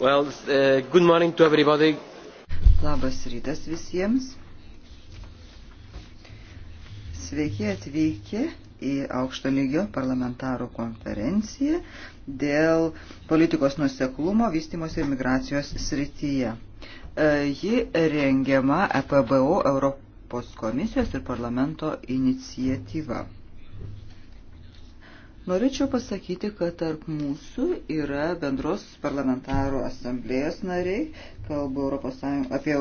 Well, uh, good morning to everybody. Labas rytas visiems. Sveiki atvykę į aukšto lygio parlamentarų konferenciją dėl politikos nuseklumo vystimos ir migracijos srityje. E, ji rengiama EPBO Europos komisijos ir parlamento iniciatyva. Norėčiau pasakyti, kad tarp mūsų yra bendros parlamentarų asamblėjos nariai, kalbu Europos Sąjung, apie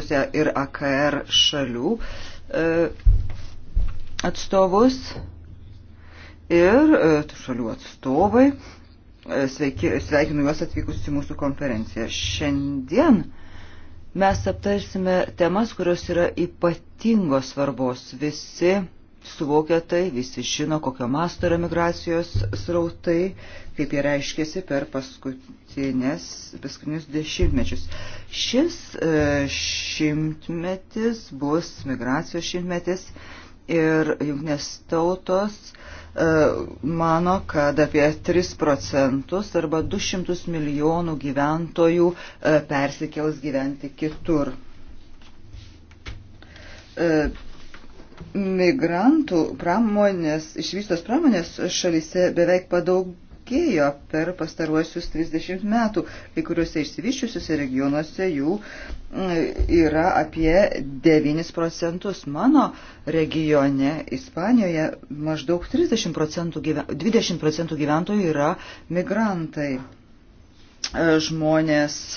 ES ir AKR šalių e, atstovus ir e, šalių atstovai. E, sveiki, sveikinu juos atvykus į mūsų konferenciją. Šiandien mes aptarsime temas, kurios yra ypatingos svarbos. Visi suvokia tai, visi žino, kokio masto yra migracijos srautai, kaip jie reiškėsi per paskutinius dešimtmečius. Šis e, šimtmetis bus migracijos šimtmetis ir jungtinės tautos e, mano, kad apie 3 procentus arba 200 milijonų gyventojų e, persikels gyventi kitur migrantų pramonės, išvystos pramonės šalyse beveik padaugėjo per pastaruosius 30 metų. Kai kuriuose išsivyščiusiuose regionuose jų mm, yra apie 9 procentus. Mano regione, Ispanijoje, maždaug 30 procentų, 20 procentų gyventojų yra migrantai. E, žmonės e,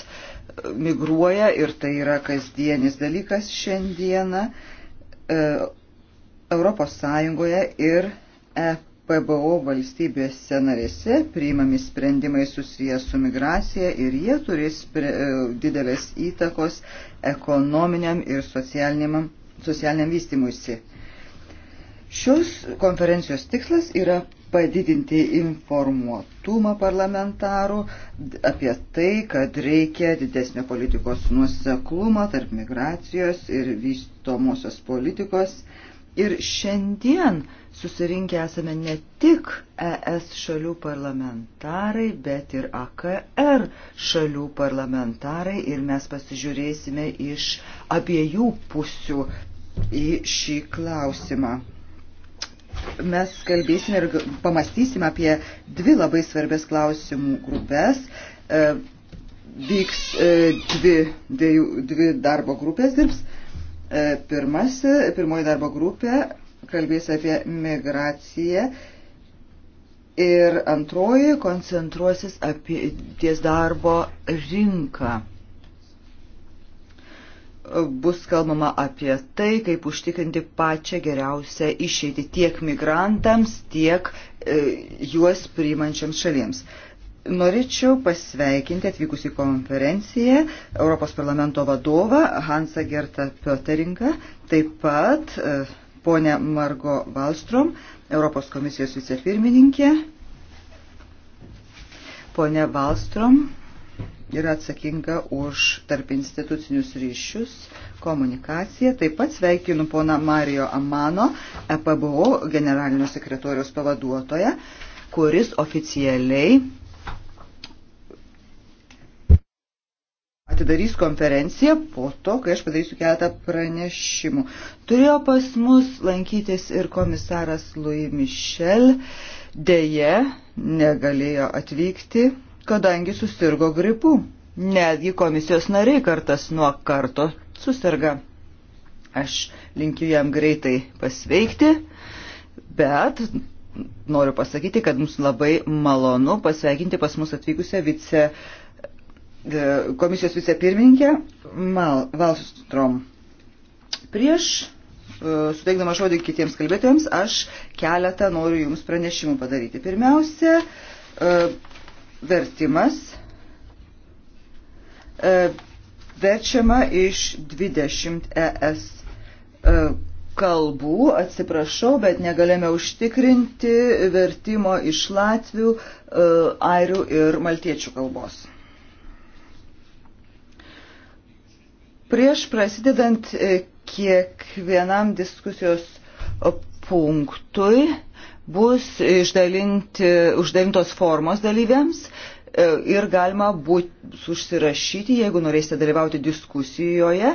migruoja ir tai yra kasdienis dalykas šiandieną e, Europos Sąjungoje ir EPBO valstybėse narėse priimami sprendimai susiję su migracija ir jie turės e, didelės įtakos ekonominiam ir socialiniam, socialiniam vystimuisi. Šios konferencijos tikslas yra padidinti informuotumą parlamentarų apie tai, kad reikia didesnio politikos nuoseklumą tarp migracijos ir vystomosios politikos Ir šiandien susirinkę esame ne tik ES šalių parlamentarai, bet ir AKR šalių parlamentarai ir mes pasižiūrėsime iš abiejų pusių į šį klausimą. Mes kalbėsime ir pamastysime apie dvi labai svarbės klausimų grupės e, vyks e, dvi, dvi, dvi darbo grupės dirbs. E, Pirmas, pirmoji darbo grupė kalbės apie migraciją ir antroji koncentruosis apie ties darbo rinką. Bus kalbama apie tai, kaip užtikrinti pačią geriausią išeitį tiek migrantams, tiek e, juos priimančiams šalims. E, Norėčiau pasveikinti atvykus į konferenciją Europos parlamento vadovą Hansą Gertą Pöteringą, taip pat e, ponę Margo Valstrom, Europos komisijos vicepirmininkė. Pone Valstrom yra atsakinga už tarp institucinius ryšius, komunikaciją. Taip pat sveikinu poną Mario Amano, EPBO generalinio sekretorijos pavaduotoją, kuris oficialiai atidarys konferenciją po to, kai aš padarysiu keletą pranešimų. Turėjo pas mus lankytis ir komisaras Louis Michel, dėje negalėjo atvykti, kadangi susirgo gripu. Netgi komisijos nariai kartas nuo karto susirga. Aš linkiu jam greitai pasveikti, bet noriu pasakyti, kad mums labai malonu pasveikinti pas mus atvykusią vice E, komisijos vicepirmininkė Mal, Valstrom. Prieš e, suteikdama žodį kitiems kalbėtojams, aš keletą noriu Jums pranešimų padaryti. Pirmiausia, e, vertimas verčiama iš 20 ES kalbų, atsiprašau, bet negalėjome užtikrinti vertimo iš latvių, airių ir maltiečių kalbos. Prieš prasidedant e, kiekvienam diskusijos punktui bus uždalintos formos dalyviams e, ir galima bus užsirašyti, jeigu norėsite dalyvauti diskusijoje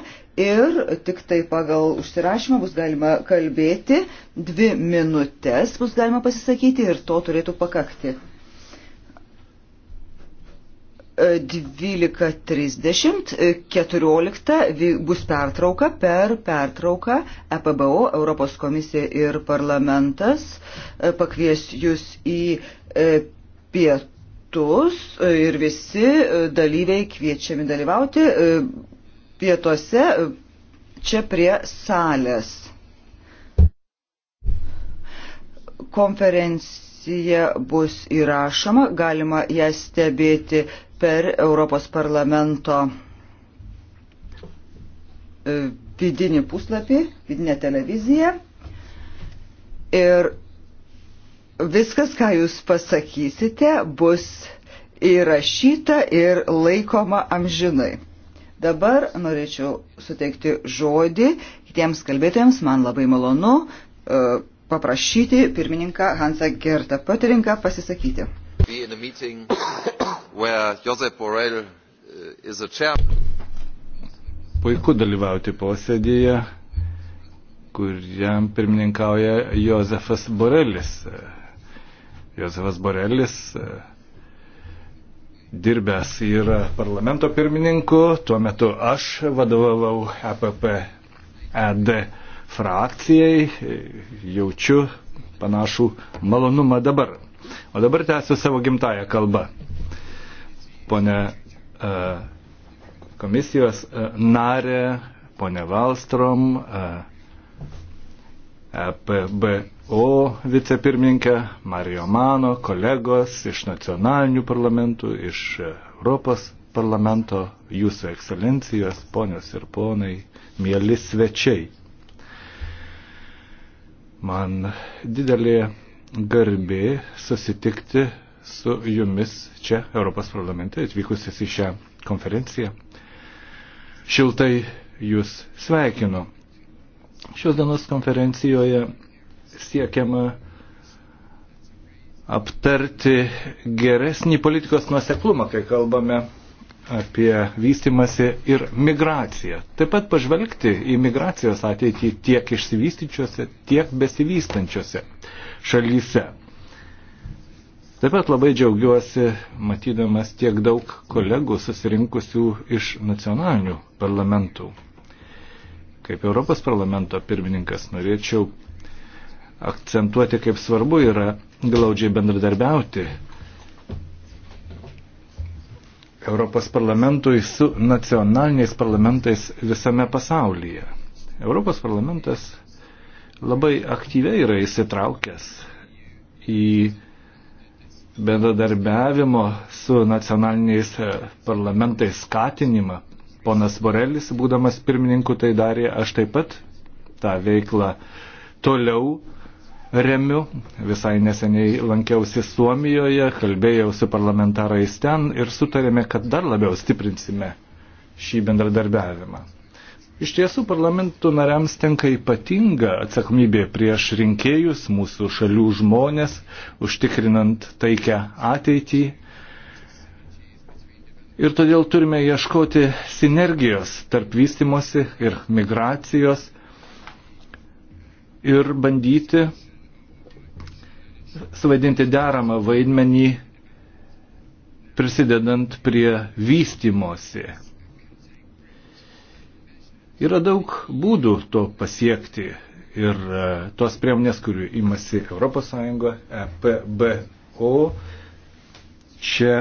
ir tik tai pagal užsirašymą bus galima kalbėti, dvi minutės bus galima pasisakyti ir to turėtų pakakti. 12.30-14 bus pertrauka per pertrauką EPBO, Europos komisija ir parlamentas e, pakvies jūs į e, pietus e, ir visi dalyviai kviečiami dalyvauti pietuose čia prie salės. Konferencija bus įrašoma, galima ją stebėti per Europos parlamento e, vidinį puslapį, vidinę televiziją. Ir viskas, ką jūs pasakysite, bus įrašyta ir laikoma amžinai. Dabar norėčiau suteikti žodį kitiems kalbėtojams, man labai malonu e, paprašyti pirmininką Hansą Gertą Pöterinką pasisakyti where Josep Borrell uh, is a chair. Puiku dalyvauti posėdėje, kuriam pirmininkauja Josefas Borelis. Josefas Borelis uh, dirbęs yra parlamento pirmininku, tuo metu aš vadovavau EPP ED frakcijai, jaučiu panašų malonumą dabar. O dabar tęsiu savo gimtają kalbą ponė e, komisijos e, narė, ponė Valstrom, EPBO e vicepirmininkė, Mario Mano, kolegos iš nacionalinių parlamentų, iš Europos parlamento, jūsų ekscelencijos, ponios ir ponai, mėly svečiai. Man didelė garbė susitikti su jumis čia Europos parlamente atvykusis į šią konferenciją. Šiltai jūs sveikinu. Šios dienos konferencijoje siekiama aptarti geresnį politikos nuoseklumą, kai kalbame apie vystimasi ir migraciją. Taip pat pažvelgti į migracijos ateitį tiek išsivystyčiose, tiek besivystančiose šalyse. Taip pat labai džiaugiuosi matydamas tiek daug kolegų susirinkusių iš nacionalinių parlamentų. Kaip Europos parlamento pirmininkas norėčiau akcentuoti, kaip svarbu yra glaudžiai bendradarbiauti Europos parlamentui su nacionaliniais parlamentais visame pasaulyje. Europos parlamentas labai aktyviai yra įsitraukęs į bendradarbiavimo su nacionaliniais e, parlamentais skatinimą. Ponas Borelis, būdamas pirmininku, tai darė, aš taip pat tą veiklą toliau remiu. Visai neseniai lankiausi Suomijoje, kalbėjau su parlamentarais ten ir sutarėme, kad dar labiau stiprinsime šį bendradarbiavimą. Iš tiesų parlamentų nariams tenka ypatinga atsakomybė prieš rinkėjus, mūsų šalių žmonės, užtikrinant taikę ateitį. Ir todėl turime ieškoti sinergijos tarp vystimosi ir migracijos ir bandyti suvaidinti deramą vaidmenį prisidedant prie vystimosi. Yra daug būdų to pasiekti ir e, tos priemonės, kurių imasi ES, EPBO, čia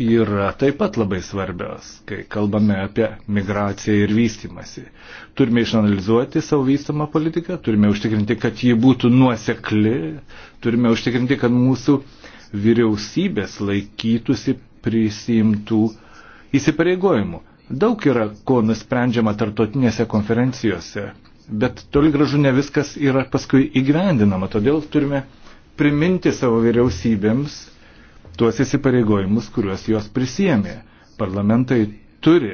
yra taip pat labai svarbios, kai kalbame apie migraciją ir vystimasi. Turime išanalizuoti savo vystamą politiką, turime užtikrinti, kad ji būtų nuosekli, turime užtikrinti, kad mūsų vyriausybės laikytųsi prisimtų įsipareigojimų. Daug yra ko nusprendžiama tartotinėse konferencijose, bet toli gražu ne viskas yra paskui įgyvendinama. Todėl turime priminti savo vyriausybėms tuos įsipareigojimus, kuriuos jos prisėmė. Parlamentai turi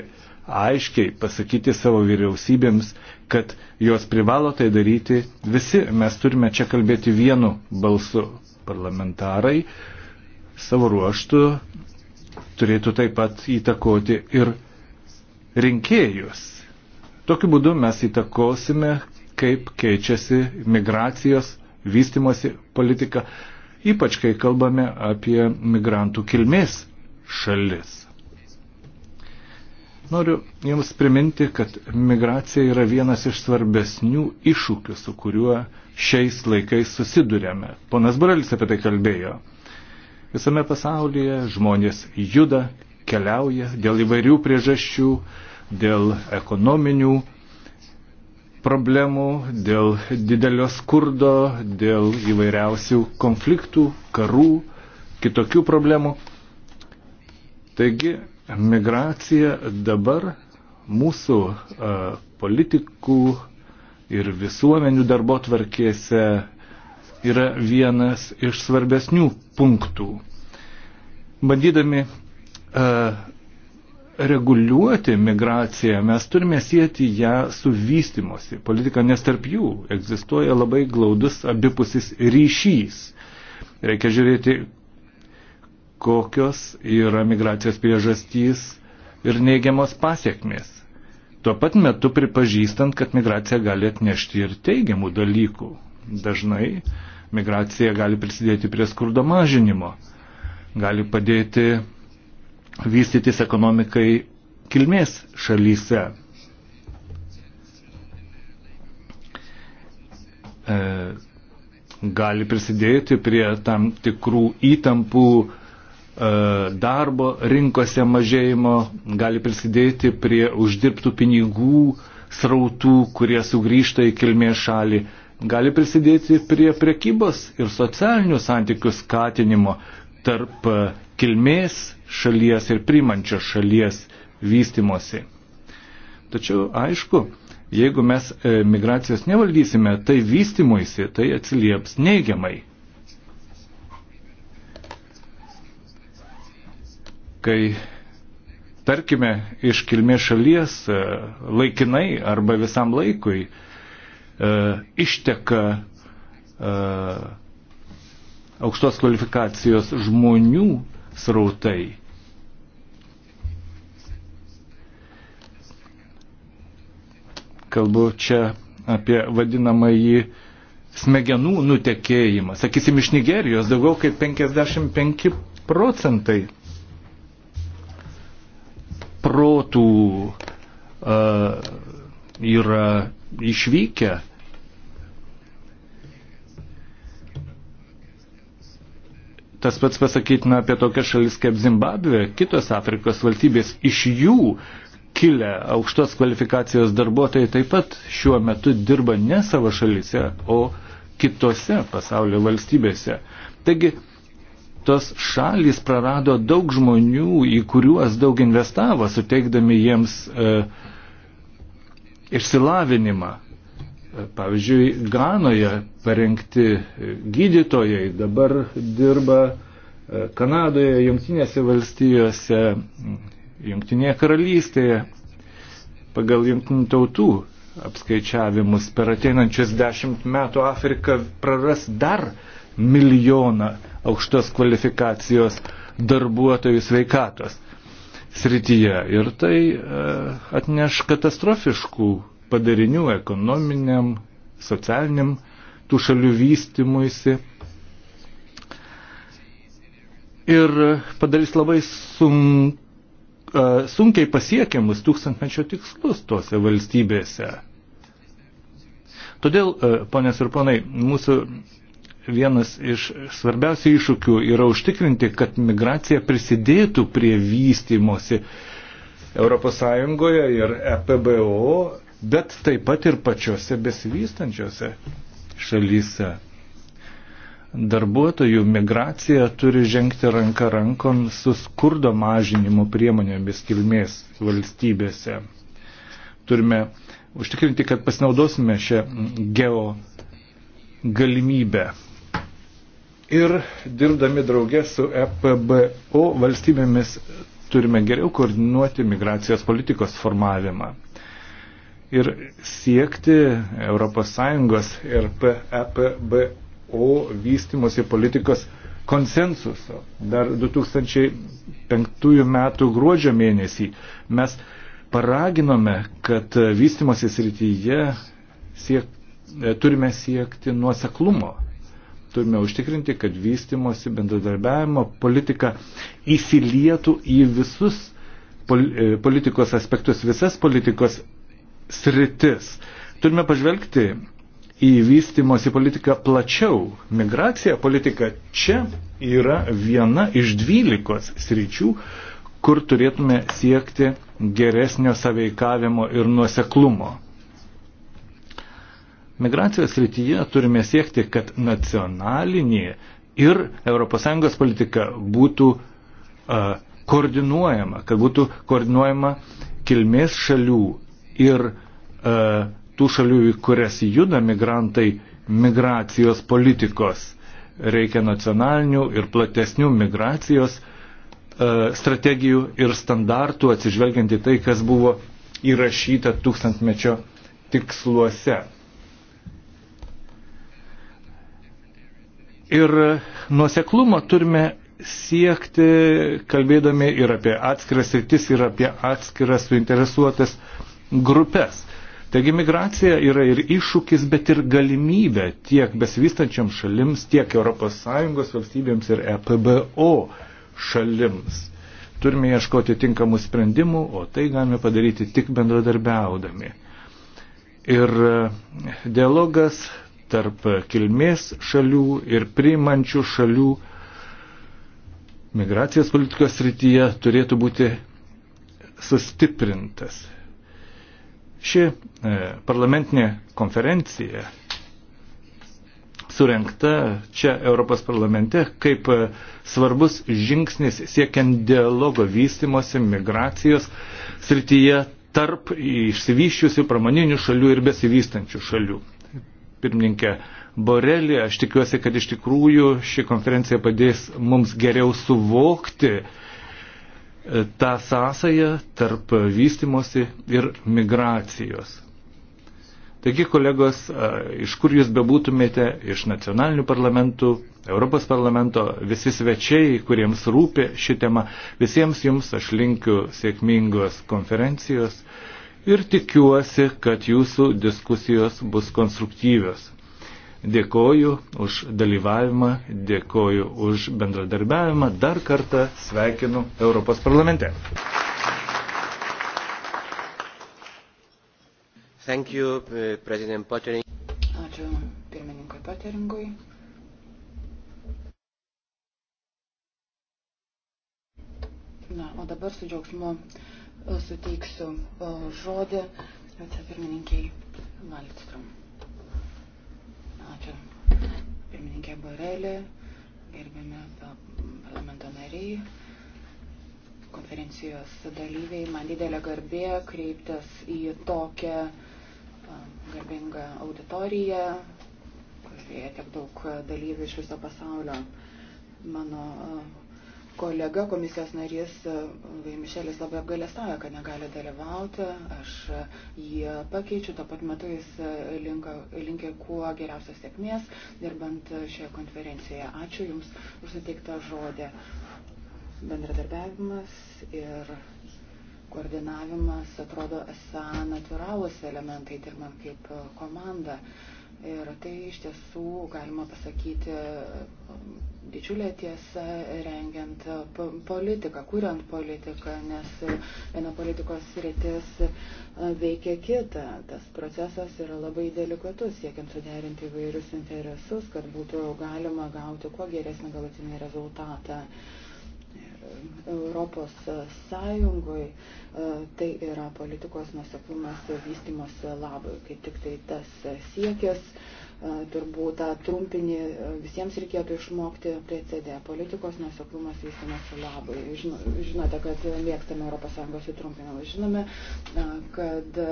aiškiai pasakyti savo vyriausybėms, kad jos privalo tai daryti visi. Mes turime čia kalbėti vienu balsu. Parlamentarai savo ruoštų turėtų taip pat įtakoti ir rinkėjus. Tokiu būdu mes įtakosime, kaip keičiasi migracijos vystimosi politika, ypač kai kalbame apie migrantų kilmės šalis. Noriu Jums priminti, kad migracija yra vienas iš svarbesnių iššūkių, su kuriuo šiais laikais susidurėme. Ponas Burelis apie tai kalbėjo. Visame pasaulyje žmonės juda, keliauja dėl įvairių priežasčių, dėl ekonominių problemų, dėl didelio skurdo, dėl įvairiausių konfliktų, karų, kitokių problemų. Taigi, migracija dabar mūsų a, politikų ir visuomenių darbo tvarkėse yra vienas iš svarbesnių punktų. Bandydami a, reguliuoti migraciją, mes turime sieti ją su vystimosi politika, nes tarp jų egzistuoja labai glaudus abipusis ryšys. Reikia žiūrėti, kokios yra migracijos priežastys ir neigiamos pasiekmės. Tuo pat metu pripažįstant, kad migracija gali atnešti ir teigiamų dalykų. Dažnai migracija gali prisidėti prie skurdo mažinimo, gali padėti vystytis ekonomikai kilmės šalyse. E, gali prisidėti prie tam tikrų įtampų e, darbo rinkose mažėjimo, gali prisidėti prie uždirbtų pinigų srautų, kurie sugrįžta į kilmės šalį, gali prisidėti prie prekybos ir socialinių santykių skatinimo tarp kilmės šalies ir primančios šalies vystimosi. Tačiau aišku, jeigu mes e, migracijos nevaldysime, tai vystimuisi tai atsilieps neigiamai. Kai, tarkime, iš kilmės šalies e, laikinai arba visam laikui e, išteka aukštos kvalifikacijos žmonių srautai. Kalbu čia apie vadinamąjį smegenų nutekėjimą. Sakysim, iš Nigerijos daugiau kaip 55 procentai protų uh, yra išvykę Tas pats pasakytina apie tokias šalis kaip Zimbabvė, kitos Afrikos valstybės. Iš jų kilę aukštos kvalifikacijos darbuotojai taip pat šiuo metu dirba ne savo šalise, o kitose pasaulio valstybėse. Taigi, tos šalys prarado daug žmonių, į kuriuos daug investavo, suteikdami jiems e, išsilavinimą. Pavyzdžiui, Ganoje parengti gydytojai dabar dirba e, Kanadoje, Junktinėse valstijose, Junktinėje karalystėje. Pagal Junktinių tautų apskaičiavimus per ateinančius dešimt metų Afrika praras dar milijoną aukštos kvalifikacijos darbuotojų sveikatos srityje. Ir tai e, atneš katastrofiškų padarinių ekonominiam, socialiniam tų šalių vystimuisi. Ir padarys labai sun, sunkiai pasiekiamus tūkstantmečio tikslus tuose valstybėse. Todėl, ponės ir ponai, mūsų vienas iš svarbiausių iššūkių yra užtikrinti, kad migracija prisidėtų prie vystimosi ES ir EPBO bet taip pat ir pačiose besivystančiose šalyse. Darbuotojų migracija turi žengti ranka rankom su skurdo mažinimo priemonėmis kilmės valstybėse. Turime užtikrinti, kad pasinaudosime šią geo galimybę. Ir dirbdami draugė su EPBO valstybėmis turime geriau koordinuoti migracijos politikos formavimą ir siekti ES ir EPBO vystimosi politikos konsensuso. Dar 2005 m. gruodžio mėnesį mes paraginome, kad vystimosi srityje siek, turime siekti nuoseklumo. Turime užtikrinti, kad vystimosi bendradarbiavimo politika įsilietų į visus politikos aspektus, visas politikos sritis. Turime pažvelgti į vystimosi politiką plačiau. Migracija politika čia yra viena iš dvylikos sričių, kur turėtume siekti geresnio saveikavimo ir nuoseklumo. Migracijos srityje turime siekti, kad nacionalinė ir ES politika būtų uh, koordinuojama, kad būtų koordinuojama kilmės šalių ir e, tų šalių, į kurias juda migrantai, migracijos politikos. Reikia nacionalinių ir platesnių migracijos e, strategijų ir standartų atsižvelgiant į tai, kas buvo įrašyta tūkstantmečio tiksluose. Ir nuoseklumą turime siekti, kalbėdami ir apie atskiras rytis, ir apie atskiras suinteresuotas grupės. Taigi migracija yra ir iššūkis, bet ir galimybė tiek besivystančiam šalims, tiek ES valstybėms ir EPBO šalims. Turime ieškoti tinkamų sprendimų, o tai galime padaryti tik bendradarbiaudami. Ir e, dialogas tarp kilmės šalių ir priimančių šalių migracijos politikos srityje turėtų būti sustiprintas. Ši e, parlamentinė konferencija surenkta čia Europos parlamente kaip e, svarbus žingsnis siekiant dialogo vystimosi migracijos srityje tarp išsivyščiusių pramoninių šalių ir besivystančių šalių. Pirmininkė Borelė, aš tikiuosi, kad iš tikrųjų ši konferencija padės mums geriau suvokti, tą sąsają tarp vystimosi ir migracijos. Taigi, kolegos, iš kur jūs bebūtumėte, iš nacionalinių parlamentų, Europos parlamento, visi svečiai, kuriems rūpi ši tema, visiems jums aš linkiu sėkmingos konferencijos ir tikiuosi, kad jūsų diskusijos bus konstruktyvios. Dėkoju už dalyvavimą, dėkoju už bendradarbiavimą. Dar kartą sveikinu Europos parlamente. Thank you, uh, President Pottering. Ačiū pirmininkui Potteringui. Na, o dabar su džiaugsmu uh, suteiksiu uh, žodį vicepirmininkiai Malstrom. Pirmininkė Borelė, gerbiami parlamento nariai, konferencijos dalyviai, man didelė garbė kreiptis į tokią garbingą auditoriją, kurioje tiek daug dalyvių iš viso pasaulio. Mano kolega komisijos narys e, Vaimišelis labai apgalėstavo, kad negali dalyvauti. Aš e, jį pakeičiu, tuo pat metu jis linko, e, linkė kuo geriausios sėkmės, dirbant šioje konferencijoje. Ačiū Jums už suteiktą žodį. Bendradarbiavimas ir koordinavimas atrodo esą natūralūs elementai, dirbant kaip komanda. Uh, Ir tai iš tiesų, galima pasakyti, didžiulė tiesa rengiant politiką, kuriant politiką, nes viena politikos rytis veikia kitą. Tas procesas yra labai delikatus, siekiant suderinti įvairius interesus, kad būtų galima gauti kuo geresnį galutinį rezultatą. Uh, Europos e, Sąjungui, e, tai yra politikos nuseklumas vystimos labai. Kaip tik tai tas siekis, e, turbūt tą trumpinį visiems reikėtų išmokti prie CD, politikos nuseklumas vystimos labai. Žinote, kad mėgstame Europos Sąjungos sutrumpinimą. Žinome, kad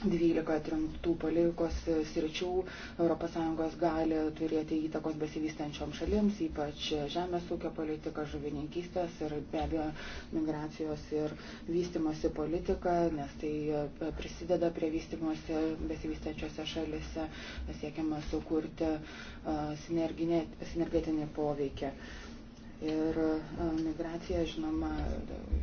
12 atrinktų palikos sričių ES gali turėti įtakos besivystančiom šalims, ypač žemės ūkio politika, žuvininkystės ir be abejo migracijos ir vystimosi politika, nes tai e, prisideda prie vystimosi besivystančiose šalise, siekiama sukurti e, sinergetinį poveikį. Uh, Ir e, migracija, žinoma,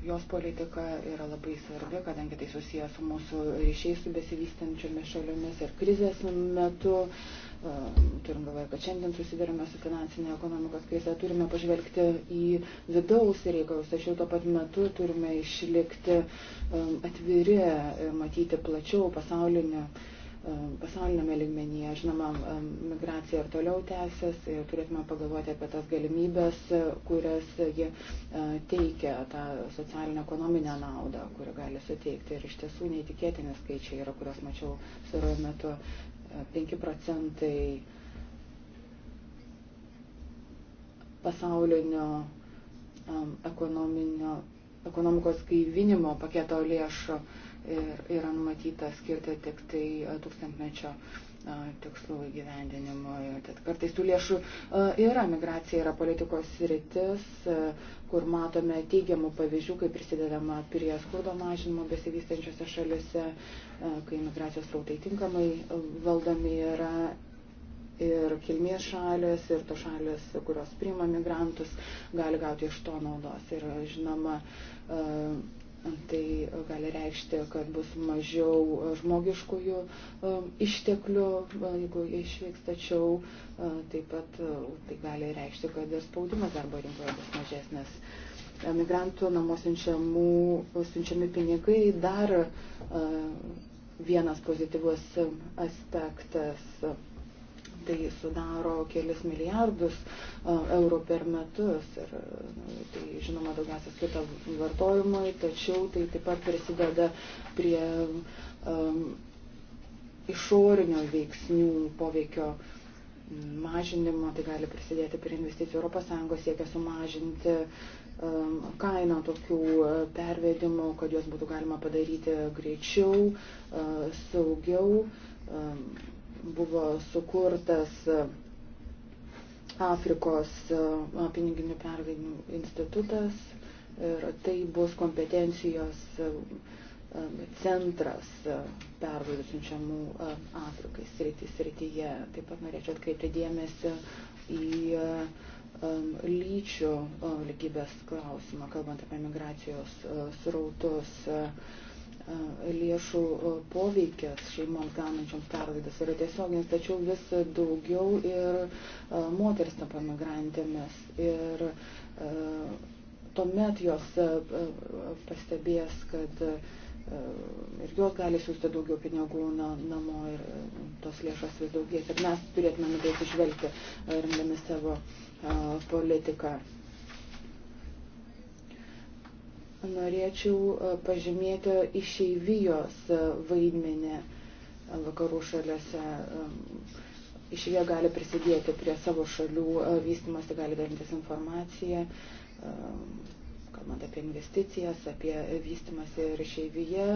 jos politika yra labai svarbi, kadangi tai susijęs su mūsų ryšiais su besivystančiomis šalimis ir krizės metu. E, turim galvoje, kad šiandien susidurime su finansinė ekonomikos krize, turime pažvelgti į vidaus reikalus, tačiau tuo pat metu turime išlikti e, atviri, matyti plačiau pasaulinį pasaulinėme ligmenyje. Žinoma, migracija ir toliau tęsis ir turėtume pagalvoti apie tas galimybės, e, kurias ji e, teikia, tą socialinę ekonominę naudą, kuri gali suteikti. Ir iš tiesų neįtikėtini skaičiai yra, kuriuos mačiau surojo metu. 5 e, procentai pasaulinio ekonominio, ekonomikos gaivinimo paketo lėšų yra numatyta skirti tik tai e, tūkstantmečio e, tikslų įgyvendinimui. Tad kartais tų lėšų e, yra, migracija yra politikos rytis, kur matome teigiamų pavyzdžių, kaip prisidedama prie skurdo mažinimo besivystančiose šalise, kai migracijos rautai tinkamai valdomi yra ir kilmės šalės, ir to šalės, kurios priima migrantus, gali gauti iš to naudos. Ir žinoma, uh, Tai gali reikšti, kad bus mažiau e, žmogiškųjų e, išteklių, e, jeigu jie išvyks, tačiau taip pat tai gali reikšti, kad ir spaudimas darbo rinkoje bus mažesnis emigrantų namo siunčiamų, siunčiami pinigai dar vienas pozityvus aspektas. Tai sudaro kelis milijardus eurų per metus. Ir, e, tai žinoma, daugiausia skirta vartojimui, tačiau tai taip pat prisideda prie um, išorinio veiksnių poveikio mažinimo, tai gali prisidėti prie investicijų. ES siekia sumažinti um, kainą tokių pervedimų, kad juos būtų galima padaryti greičiau, uh, saugiau. Um, buvo sukurtas e, Afrikos e, piniginių pervedimų institutas ir tai bus kompetencijos e, centras pervalių siunčiamų Afrikai srityje. Taip pat norėčiau atkreipti dėmesį į lyčių lygybės klausimą, kalbant apie migracijos srautus. Uh, E, lėšų e, poveikis šeimoms gaunančioms perlaidas yra tiesioginis, tačiau vis daugiau ir e, moteris tampa migrantėmis. Ir tuomet jos pastebės, kad ir jos gali siūsti daugiau pinigų na, namo ir tos lėšos vis daugės. Ir mes turėtume tai atsižvelgti, remdami savo politiką norėčiau e, pažymėti išeivijos e, vaidmenį e, vakarų šaliuose. Išeivija gali prisidėti prie savo šalių vystimosi, gali dalintis informaciją, kalbant apie investicijas, apie vystimąsi ir išeivija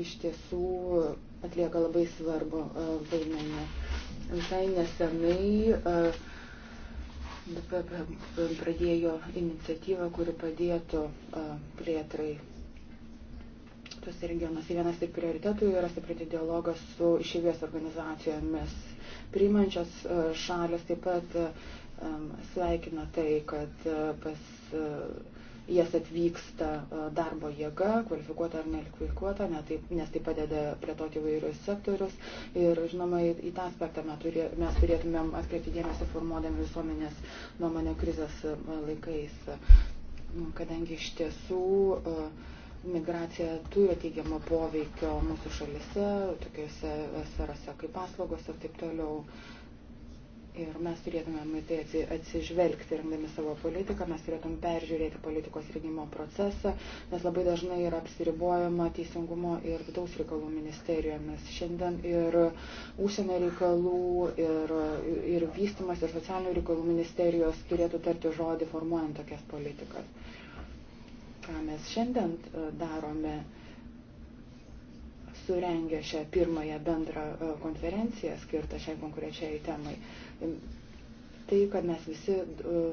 iš tiesų atlieka labai svarbu vaidmenį. Visai nesenai pradėjo iniciatyvą, kuri padėtų plėtrai tuose regionuose. Vienas ir prioritetų yra stiprinti dialogą su išėvės organizacijomis. Priimančios šalis taip pat sveikina tai, kad pas jas atvyksta darbo jėga, kvalifikuota ar nekvalifikuota, nes tai padeda plėtoti įvairius sektorius. Ir, žinoma, į tą aspektą mes turėtumėm atkreipti dėmesį formuodami visuomenės nuomonę krizės laikais, kadangi iš tiesų migracija turi teigiamą poveikio mūsų šalise, tokiuose sferose kaip paslaugos ir taip toliau. Ir mes turėtumėm į tai atsižvelgti, rengdami savo politiką, mes turėtum peržiūrėti politikos rengimo procesą, nes labai dažnai yra apsiribojama teisingumo ir vidaus reikalų ministerijomis. Šiandien ir ūsienio reikalų, ir, ir vystimas, ir socialinių reikalų ministerijos turėtų tarti žodį formuojant tokias politikas. Ką mes šiandien e, darome? surengė šią pirmąją bendrą e, konferenciją skirtą šiai konkrečiai temai. Tai, kad mes visi e,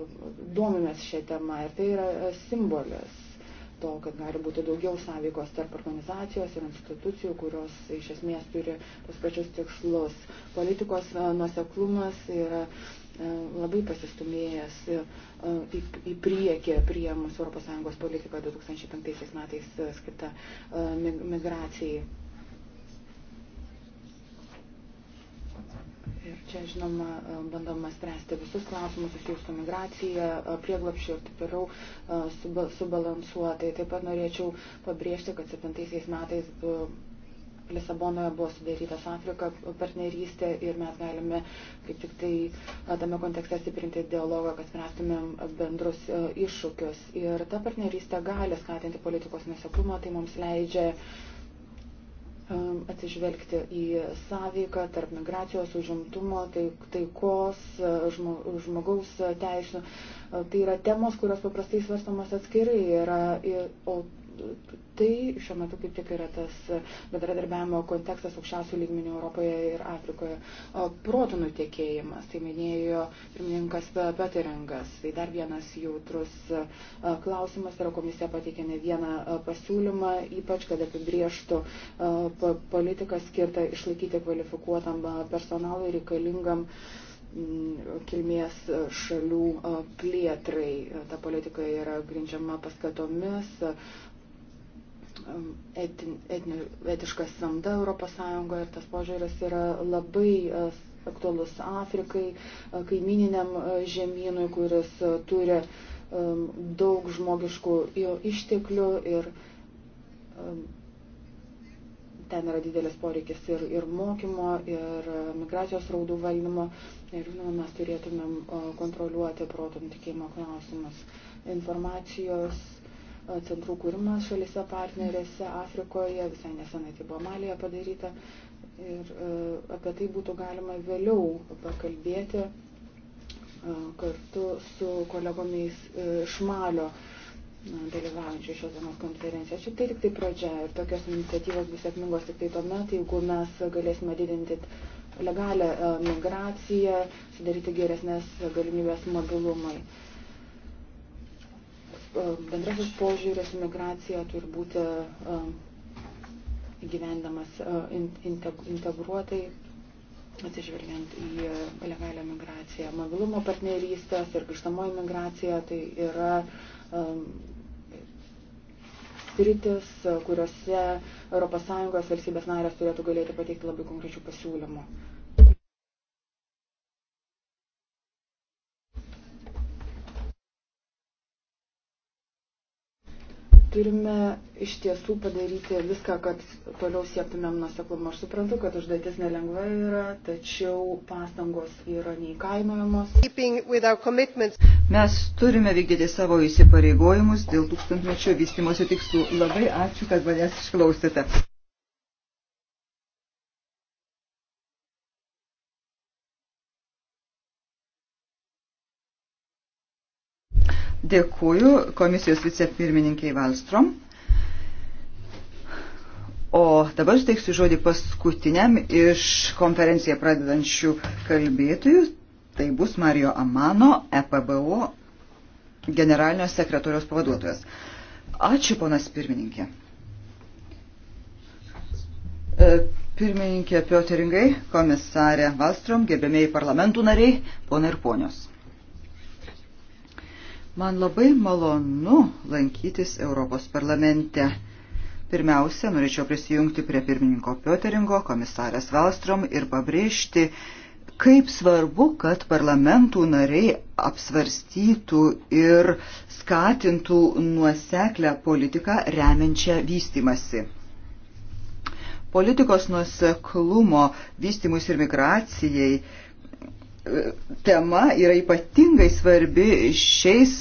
domimės šią temą ir tai yra e, simbolis to, kad gali būti daugiau sąveikos tarp organizacijos ir institucijų, kurios iš esmės turi tos pačius tikslus. Politikos nuoseklumas yra labai pasistumėjęs į, į priekį prie mūsų ES politiką 2005 metais skirtą migracijai. Ir čia, žinoma, e, bandoma spręsti visus klausimus susijusius su migracija, e, prieglapščiu ir taip toliau e, subalansuotai. Taip pat norėčiau pabrėžti, kad 7 metais Lisabonoje buvo sudarytas Afrika partnerystė ir mes galime kaip tik tai tame kontekste stiprinti dialogą, kad spręstumėm bendrus iššūkius. Ir ta partnerystė gali skatinti politikos neseklumą, tai mums leidžia uh, Um, atsižvelgti į sąveiką tarp migracijos, užimtumo, tai, taikos, uh, žmogaus teisų. Uh, tai yra temos, kurios paprastai svarstamos atskirai, yra, o tai šiuo metu kaip tik yra tas bendradarbiavimo kontekstas aukščiausių lygmenių Europoje ir Afrikoje. Protų nutiekėjimas, tai minėjo pirmininkas Peteringas. Tai dar vienas jautrus klausimas, yra komisija pateikė ne vieną pasiūlymą, ypač kad apibrieštų politiką skirtą išlaikyti kvalifikuotam personalui reikalingam kilmės šalių plėtrai. Ta politika yra grindžiama paskatomis, Um, etin, etni, etiška samda ES ir tas požiūris yra labai uh, aktualus Afrikai, uh, kaimininiam uh, žemynui, kuris turi um, daug žmogiškų išteklių ir um, ten yra didelis poreikis ir, ir mokymo, ir migracijos raudų valdymo. Ir žinoma, mes turėtumėm kontroliuoti protų nutikėjimo klausimus. Informacijos centrų kūrimas šalise partnerėse Afrikoje, visai nesenai tai buvo Malija padaryta. Ir apie tai būtų galima vėliau pakalbėti kartu su kolegomis iš Malio dalyvaujančių šios dienos konferencijos. Šiaip tai tik tai pradžia ir tokios iniciatyvos bus sėkmingos tik tai tuomet, jeigu mes galėsime didinti legalią migraciją, sudaryti geresnės galimybės mobilumai. E, bendrasis požiūris migracija turi būti e, gyvendamas e, integruotai, atsižvelgiant į legalią migraciją. Mobilumo partnerystės ir grįžtamoji migracija tai yra sritis, kuriuose ES valstybės narės turėtų galėti pateikti labai konkrečių pasiūlymų. Turime iš tiesų padaryti viską, kad toliau siektumėm nuoseklumą. Aš suprantu, kad užduotis nelengva yra, tačiau pastangos yra neįkainojamos. Mes turime vykdyti savo įsipareigojimus dėl tūkstantmečio vystimosi tikslų. Labai ačiū, kad manęs išklausėte. Dėkuoju komisijos vicepirmininkiai Valstrom. O dabar steiksiu žodį paskutiniam iš konferenciją pradedančių kalbėtojų. Tai bus Mario Amano, EPBO generalinio sekretorijos pavaduotojas. Ačiū, ponas pirmininkė. E, pirmininkė Piotiringai, komisarė Valstrom, gerbėmiai parlamentų nariai, ponai ir ponios. Man labai malonu lankytis Europos parlamente. Pirmiausia, norėčiau prisijungti prie pirmininko Pioteringo, komisarės Valstrom ir pabrėžti, kaip svarbu, kad parlamentų nariai apsvarstytų ir skatintų nuoseklę politiką remiančią vystimasi. Politikos nuoseklumo vystimus ir migracijai tema yra ypatingai svarbi šiais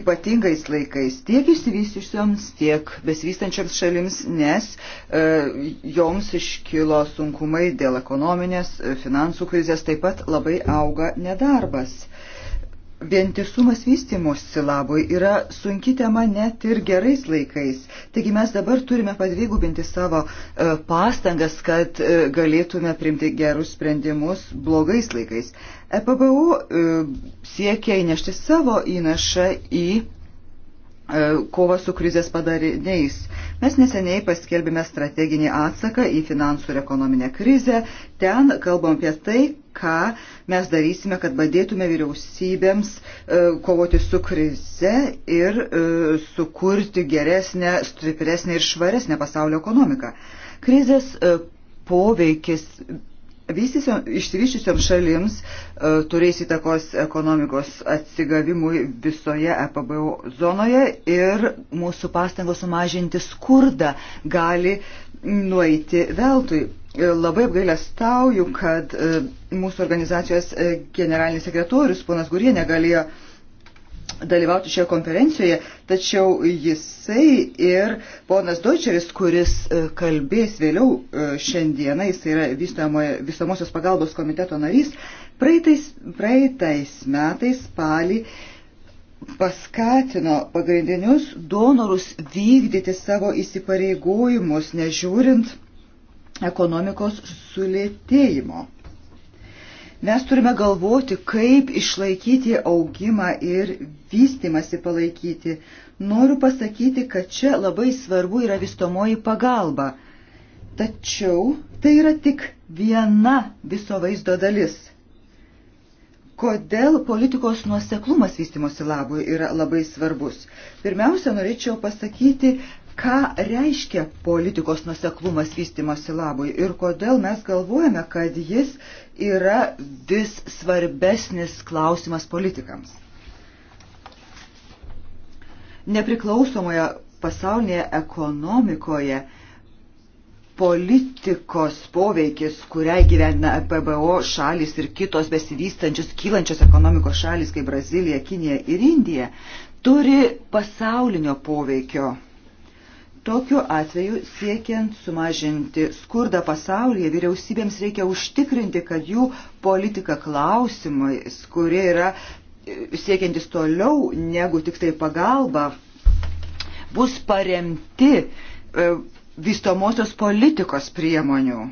ypatingais laikais tiek išsivystysioms, tiek besivystančiams šalims, nes e, joms iškilo sunkumai dėl ekonominės, finansų krizės, taip pat labai auga nedarbas. E, Vientisumas vystimusi labui yra sunki tema net ir gerais laikais. Taigi mes dabar turime padvigubinti savo e, pastangas, kad e, galėtume primti gerus sprendimus blogais laikais. EPBU e, siekia įnešti savo įnašą į kovą su krizės padariniais. Mes neseniai paskelbėme strateginį atsaką į finansų ir ekonominę krizę. Ten kalbam apie tai, ką mes darysime, kad padėtume vyriausybėms e, kovoti su krize ir e, sukurti geresnę, stipresnę ir švaresnę pasaulio ekonomiką. Krizės e, poveikis Išsivyščiusiom šalims e, turės įtakos ekonomikos atsigavimui visoje EPBO zonoje ir mūsų pastangos sumažinti skurdą gali nueiti veltui. E, labai apgailestauju, kad e, mūsų organizacijos generalinis sekretorius ponas Gurie negalėjo uh, dalyvauti šioje konferencijoje, tačiau jisai ir ponas Dočeris, kuris e, kalbės vėliau e, šiandieną, jisai yra visomosios pagalbos komiteto narys, praeitais, praeitais metais spalį paskatino pagrindinius donorus vykdyti savo įsipareigojimus, nežiūrint ekonomikos sulėtėjimo. Mes turime galvoti, kaip išlaikyti augimą ir vystimasi palaikyti. Noriu pasakyti, kad čia labai svarbu yra vystomoji pagalba. Tačiau tai yra tik viena viso vaizdo dalis. Kodėl politikos nuoseklumas vystimosi labui yra labai svarbus? Pirmiausia, norėčiau pasakyti, ką reiškia politikos nuseklumas vystimosi labui ir kodėl mes galvojame, kad jis yra vis svarbesnis klausimas politikams. Nepriklausomoje pasaulinėje ekonomikoje politikos poveikis, kuriai gyvena PBO šalis ir kitos besivystančios, kylančios ekonomikos šalis kaip Brazilija, Kinija ir Indija, turi pasaulinio poveikio Tokiu atveju, siekiant sumažinti skurdą pasaulyje, vyriausybėms reikia užtikrinti, kad jų politika klausimais, kurie yra e, siekiantis toliau negu tik tai pagalba, bus paremti e, vystomosios politikos priemonių.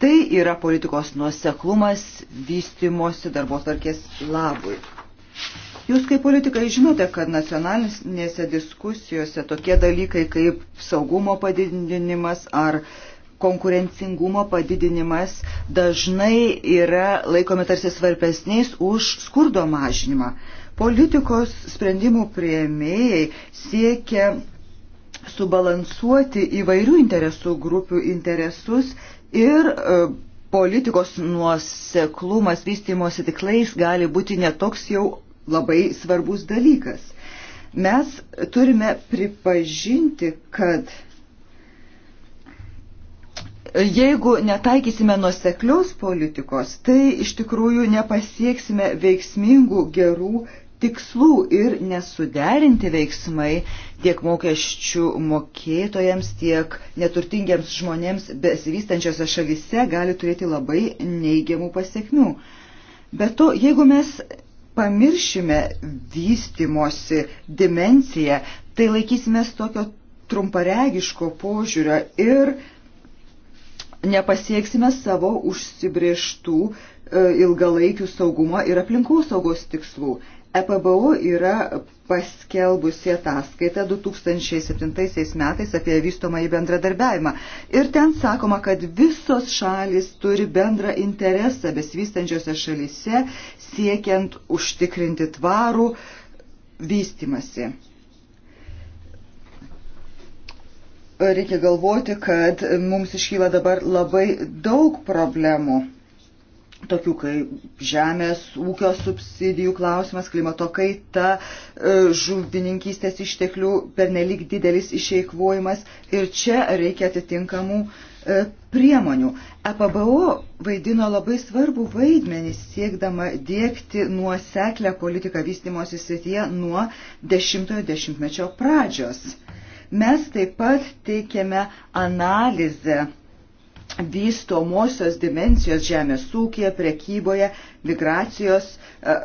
Tai yra politikos nuoseklumas vystimosi darbo tvarkės labui. Jūs kaip politikai žinote, kad nacionalinėse diskusijose tokie dalykai kaip saugumo padidinimas ar konkurencingumo padidinimas dažnai yra laikomi tarsi svarbesniais už skurdo mažinimą. Politikos sprendimų prieimėjai siekia subalansuoti įvairių interesų grupių interesus ir e, politikos nuoseklumas vystimosi tiklais gali būti netoks jau labai svarbus dalykas. Mes turime pripažinti, kad jeigu netaikysime nuseklios politikos, tai iš tikrųjų nepasieksime veiksmingų gerų tikslų ir nesuderinti veiksmai tiek mokesčių mokėtojams, tiek neturtingiems žmonėms besivystančiose šalyse gali turėti labai neigiamų pasiekmių. Bet to, jeigu mes pamiršime vystimosi dimenciją, tai laikysimės tokio trumparegiško požiūrio ir nepasieksime savo užsibrieštų e, ilgalaikių saugumo ir aplinkaus saugos tikslų. EPBO yra paskelbusi ataskaitą 2007 metais apie vystomą į bendradarbiavimą. Ir ten sakoma, kad visos šalis turi bendrą interesą besivystančiose šalise siekiant užtikrinti tvarų vystimasi. Reikia galvoti, kad mums iškyla dabar labai daug problemų tokių kaip žemės ūkio subsidijų klausimas, klimato kaita, e, žuvininkystės išteklių pernelik didelis išeikvojimas ir čia reikia atitinkamų e, priemonių. EPBO vaidino labai svarbų vaidmenį siekdama dėkti nuoseklę politiką vystimosi srityje nuo 10-ojo dešimtmečio pradžios. Mes taip pat teikiame analizę vystomosios dimensijos žemės ūkėje, prekyboje, migracijos e,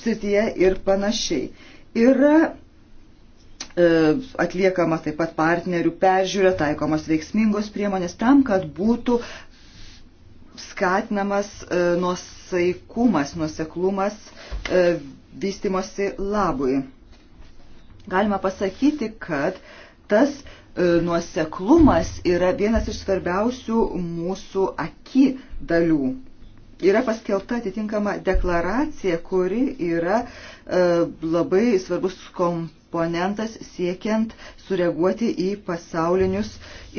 srityje ir panašiai. Yra e, atliekama taip pat partnerių peržiūrė, taikomos veiksmingos priemonės tam, kad būtų skatinamas e, nuosaikumas, nuoseklumas vystimosi labui. Galima pasakyti, kad tas E, nuoseklumas yra vienas iš svarbiausių mūsų aki dalių. Yra paskelbta atitinkama deklaracija, kuri yra e, labai svarbus komponentas siekiant sureaguoti į pasaulinius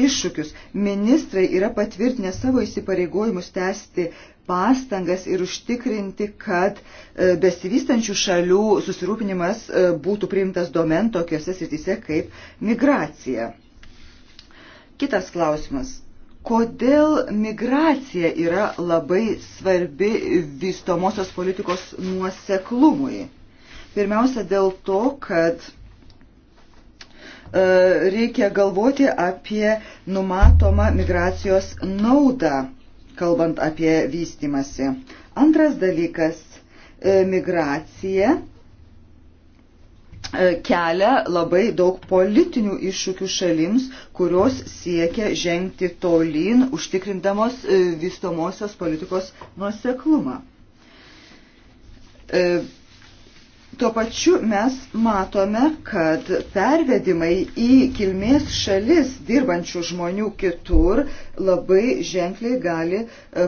iššūkius. Ministrai yra patvirtinę savo įsipareigojimus tęsti pastangas ir užtikrinti, kad e, besivystančių šalių susirūpinimas e, būtų priimtas domen tokiuose srityse kaip migracija. Kitas klausimas. Kodėl migracija yra labai svarbi vystomosios politikos nuoseklumui? Pirmiausia, dėl to, kad e, reikia galvoti apie numatomą migracijos naudą, kalbant apie vystimasi. Antras dalykas e, - migracija E, kelia labai daug politinių iššūkių šalims, kurios siekia žengti tolyn, užtikrindamos e, vystomosios politikos nuoseklumą. E, Tuo pačiu mes matome, kad pervedimai į kilmės šalis dirbančių žmonių kitur labai ženkliai gali e,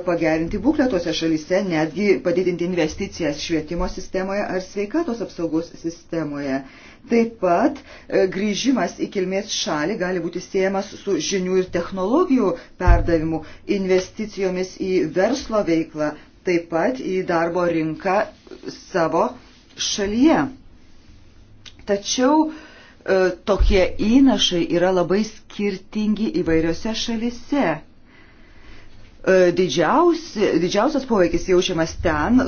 pagerinti būklę tose šalise, netgi padidinti investicijas švietimo sistemoje ar sveikatos apsaugos sistemoje. Taip pat e, grįžimas į kilmės šalį gali būti siejamas su žinių ir technologijų perdavimu, investicijomis į verslo veiklą, taip pat į darbo rinką savo šalyje. Tačiau e, tokie įnašai yra labai skirtingi įvairiose šalise. E, didžiausi, didžiausias poveikis jaučiamas ten,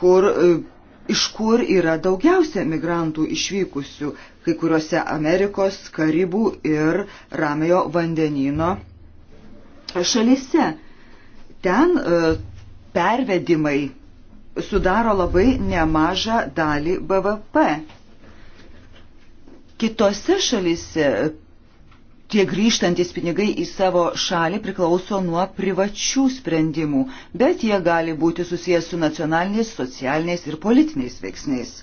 kur, e, iš kur yra daugiausia migrantų išvykusių, kai kuriuose Amerikos, Karibų ir Ramiojo vandenino šalise. Ten pervedimai sudaro labai nemažą dalį BVP. Kitose šalise tie grįžtantis pinigai į savo šalį priklauso nuo privačių sprendimų, bet jie gali būti susijęs su nacionaliniais, socialiniais ir politiniais veiksniais.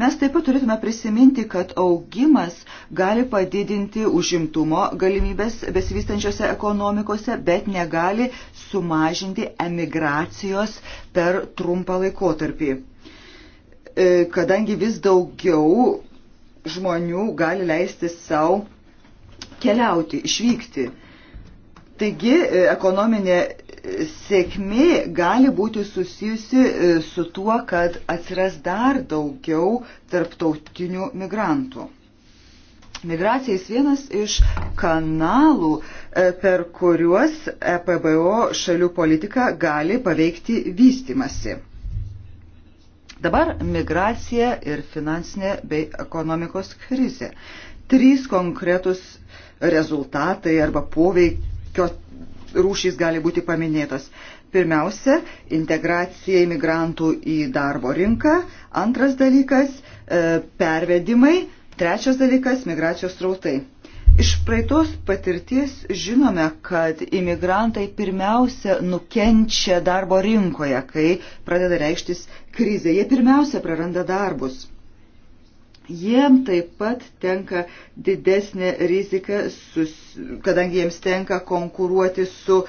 Mes taip pat turėtume prisiminti, kad augimas gali padidinti užimtumo galimybės besivystančiose ekonomikose, bet negali sumažinti emigracijos per trumpą laikotarpį. E, kadangi vis daugiau žmonių gali leisti savo keliauti, išvykti. Taigi e, ekonominė e, sėkmė gali būti susijusi e, su tuo, kad atsiras dar daugiau tarptautinių migrantų. Migracija jis vienas iš kanalų, per kuriuos EPBO šalių politika gali paveikti vystimasi. Dabar migracija ir finansinė bei ekonomikos krizė. Trys konkretus rezultatai arba poveikio rūšys gali būti paminėtas. Pirmiausia, integracija imigrantų į darbo rinką. Antras dalykas, e, pervedimai. Trečias dalykas, migracijos rautai. Iš praeitos patirties žinome, kad imigrantai pirmiausia nukenčia darbo rinkoje, kai pradeda reikštis krizė. Jie pirmiausia praranda darbus. Jiem taip pat tenka didesnė rizika, sus, kadangi jiems tenka konkuruoti su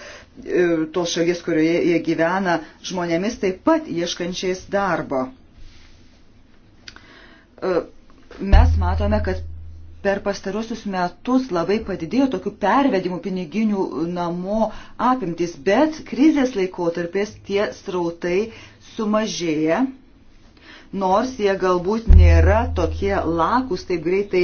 e, tos šalies, kurioje jie gyvena, žmonėmis taip pat ieškančiais darbo. E, mes matome, kad per pastarosius metus labai padidėjo tokių pervedimų piniginių namo apimtis, bet krizės laikotarpės tie srautai sumažėja nors jie galbūt nėra tokie lakus taip greitai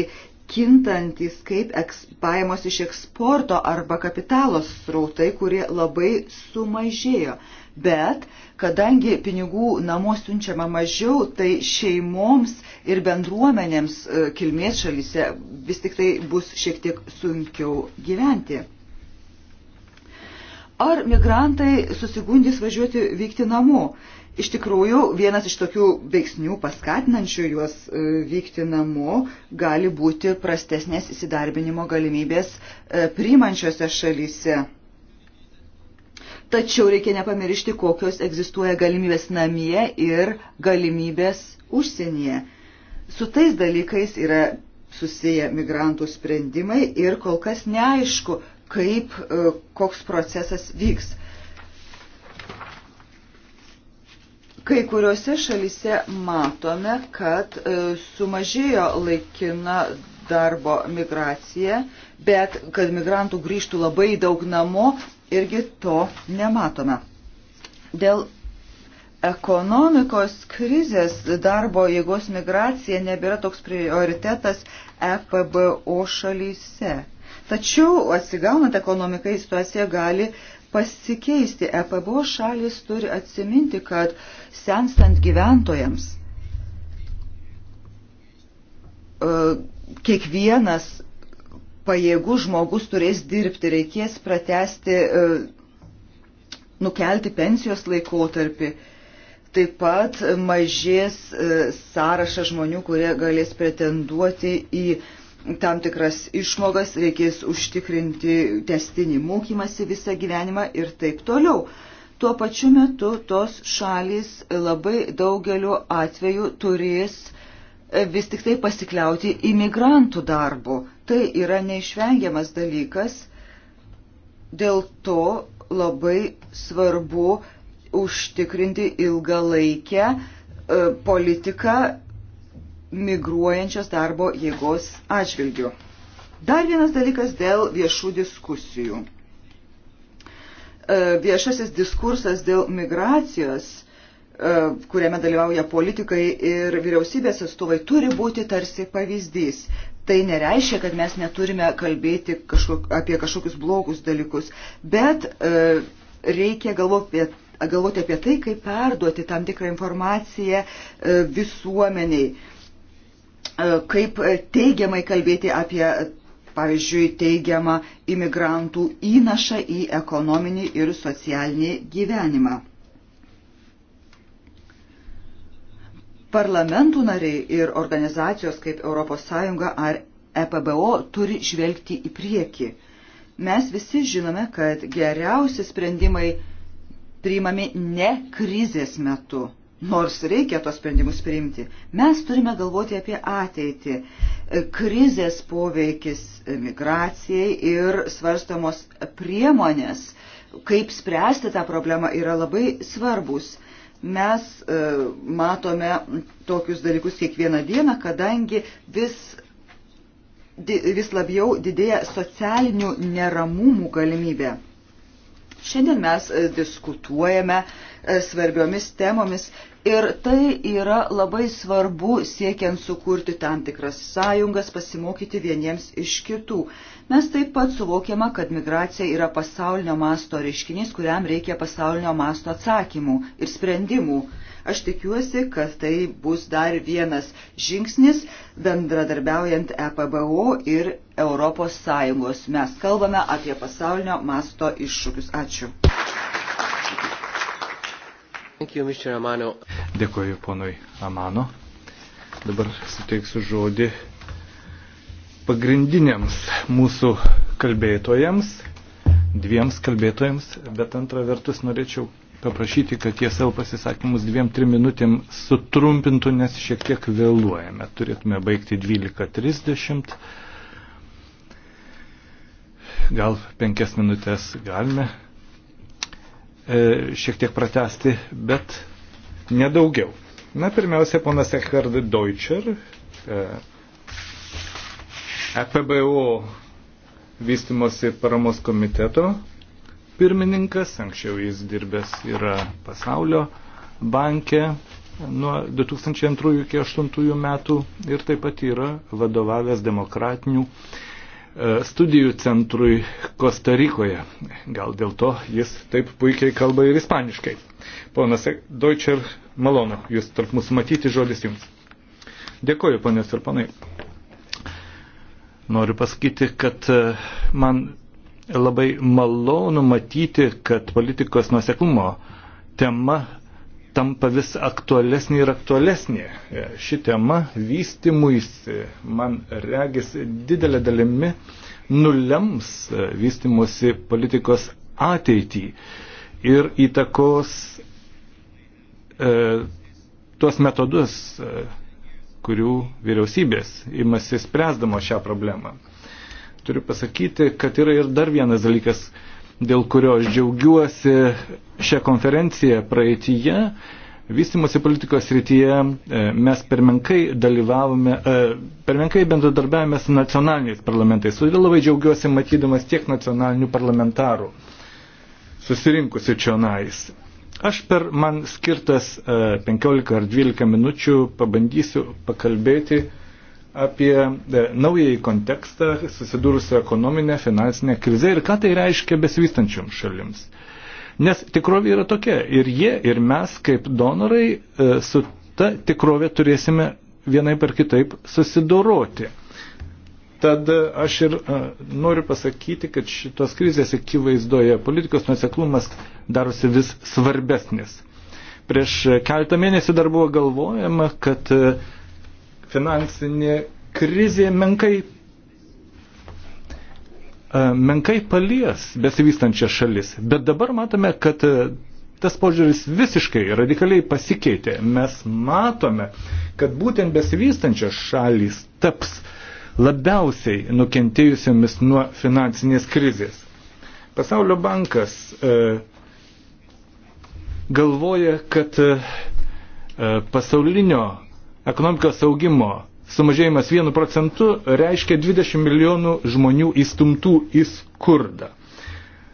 kintantis kaip eks, pajamos iš eksporto arba kapitalo srautai, kurie labai sumažėjo. Bet kadangi pinigų namo siunčiama mažiau, tai šeimoms ir bendruomenėms e, kilmės šalyse vis tik tai bus šiek tiek sunkiau gyventi. Ar migrantai susigundys važiuoti vykti namo? Iš tikrųjų, vienas iš tokių veiksnių paskatinančių juos e, vykti namo gali būti prastesnės įsidarbinimo galimybės e, priimančiose šalyse. Tačiau reikia nepamiršti, kokios egzistuoja galimybės namie ir galimybės užsienyje. Su tais dalykais yra susiję migrantų sprendimai ir kol kas neaišku, kaip e, koks procesas vyks. Kai kuriuose šalise matome, kad e, sumažėjo laikina darbo migracija, bet kad migrantų grįžtų labai daug namo, irgi to nematome. Dėl ekonomikos krizės darbo jėgos migracija nebėra toks prioritetas EPBO šalyse. Tačiau atsigaunant ekonomikai situacija gali pasikeisti. EPBO šalis turi atsiminti, kad senstant gyventojams e, kiekvienas pajėgus žmogus turės dirbti, reikės pratesti, e, nukelti pensijos laikotarpį. Taip pat mažės e, sąrašas žmonių, kurie galės pretenduoti į uh, tam tikras išmogas, reikės užtikrinti testinį mokymasi visą gyvenimą ir taip toliau. Tuo pačiu metu tos šalys labai daugeliu atveju turės e, vis tik tai pasikliauti imigrantų darbu. Tai yra neišvengiamas dalykas, dėl to labai svarbu užtikrinti ilgalaikę e, politiką migruojančios darbo jėgos atžvilgių. Dar vienas dalykas dėl viešų diskusijų. E, viešasis diskursas dėl migracijos, e, kuriame dalyvauja politikai ir vyriausybės atstovai, turi būti tarsi pavyzdys. Tai nereiškia, kad mes neturime kalbėti kažkok, apie kažkokius blogus dalykus, bet e, reikia galvoti apie galvoti apie tai, kaip perduoti tam tikrą informaciją visuomeniai E, kaip e, teigiamai kalbėti apie, pavyzdžiui, teigiamą imigrantų įnašą į ekonominį ir socialinį gyvenimą. Parlamentų nariai ir organizacijos kaip ES ar EPBO turi žvelgti į priekį. Mes visi žinome, kad geriausi sprendimai priimami ne krizės metu nors reikia tos sprendimus priimti. Mes turime galvoti apie ateitį. Krizės poveikis migracijai ir svarstamos priemonės, kaip spręsti tą problemą, yra labai svarbus. Mes e, matome tokius dalykus kiekvieną dieną, kadangi vis, di, vis labiau didėja socialinių neramumų galimybė. Šiandien mes e, diskutuojame e, svarbiomis temomis Ir tai yra labai svarbu siekiant sukurti tam tikras sąjungas, pasimokyti vieniems iš kitų. Mes taip pat suvokiame, kad migracija yra pasaulinio masto reiškinys, kuriam reikia pasaulinio masto atsakymų ir sprendimų. Aš tikiuosi, kad tai bus dar vienas žingsnis bendradarbiaujant EPBO ir ES. Mes kalbame apie pasaulinio masto iššūkius. Ačiū. Dėkuoju ponui Amano. Dabar suteiksiu žodį pagrindiniams mūsų kalbėtojams, dviems kalbėtojams, bet antra vertus norėčiau paprašyti, kad jie savo pasisakymus dviem, trim minutėm sutrumpintų, nes šiek tiek vėluojame. Turėtume baigti 12.30. Gal penkias minutės galime E, šiek tiek pratesti, bet nedaugiau. Na, pirmiausia, ponas Eckhard Deutscher, EPBO e vystimosi paramos komiteto pirmininkas, anksčiau jis dirbęs yra pasaulio bankė nuo 2002 iki 2008 metų ir taip pat yra vadovavęs demokratinių E, studijų centrui Kostarikoje. Gal dėl to jis taip puikiai kalba ir ispaniškai. Ponas Deutscher Malonu, jūs tarp mūsų matyti žodis jums. Dėkuoju, ponės ir panai. Noriu pasakyti, kad e, man labai malonu matyti, kad politikos nuseklumo tema tampa vis aktualesnė ir aktualesnė. Ši tema vystimuisi, man regis, didelė dalimi nulems vystimusi politikos ateitį ir įtakos e, tuos metodus, e, kurių vyriausybės imasi spręsdamo šią problemą. Turiu pasakyti, kad yra ir dar vienas dalykas, e, dėl kurio aš džiaugiuosi šią konferenciją praeitįje, vystimosi politikos rytyje e, mes per menkai dalyvavome, e, per menkai bendradarbiavome su nacionaliniais parlamentais. Todėl labai džiaugiuosi matydamas tiek nacionalinių parlamentarų susirinkusių čionais. Aš per man skirtas 15 e, ar 12 minučių pabandysiu pakalbėti apie e, naująjį kontekstą susidūrusią ekonominę, finansinę krizę ir ką tai reiškia besivystančiom šalims. Nes tikrovė yra tokia ir jie, ir mes kaip donorai e, su ta tikrovė turėsime vienai per kitaip susidoroti. Tad e, aš ir noriu pasakyti, kad šitos krizės akivaizdoje politikos nuseklumas darosi vis svarbesnis. Prieš keletą mėnesių dar buvo galvojama, kad uh, finansinė krizė menkai, e, menkai palies besivystančias šalis. Bet dabar matome, kad e, tas požiūris visiškai radikaliai pasikeitė. Mes matome, kad būtent besivystančios šalys taps labiausiai nukentėjusiamis nuo finansinės krizės. Pasaulio bankas e, galvoja, kad e, e pasaulinio ekonomikos augimo sumažėjimas 1 procentu reiškia 20 milijonų žmonių įstumtų į skurdą.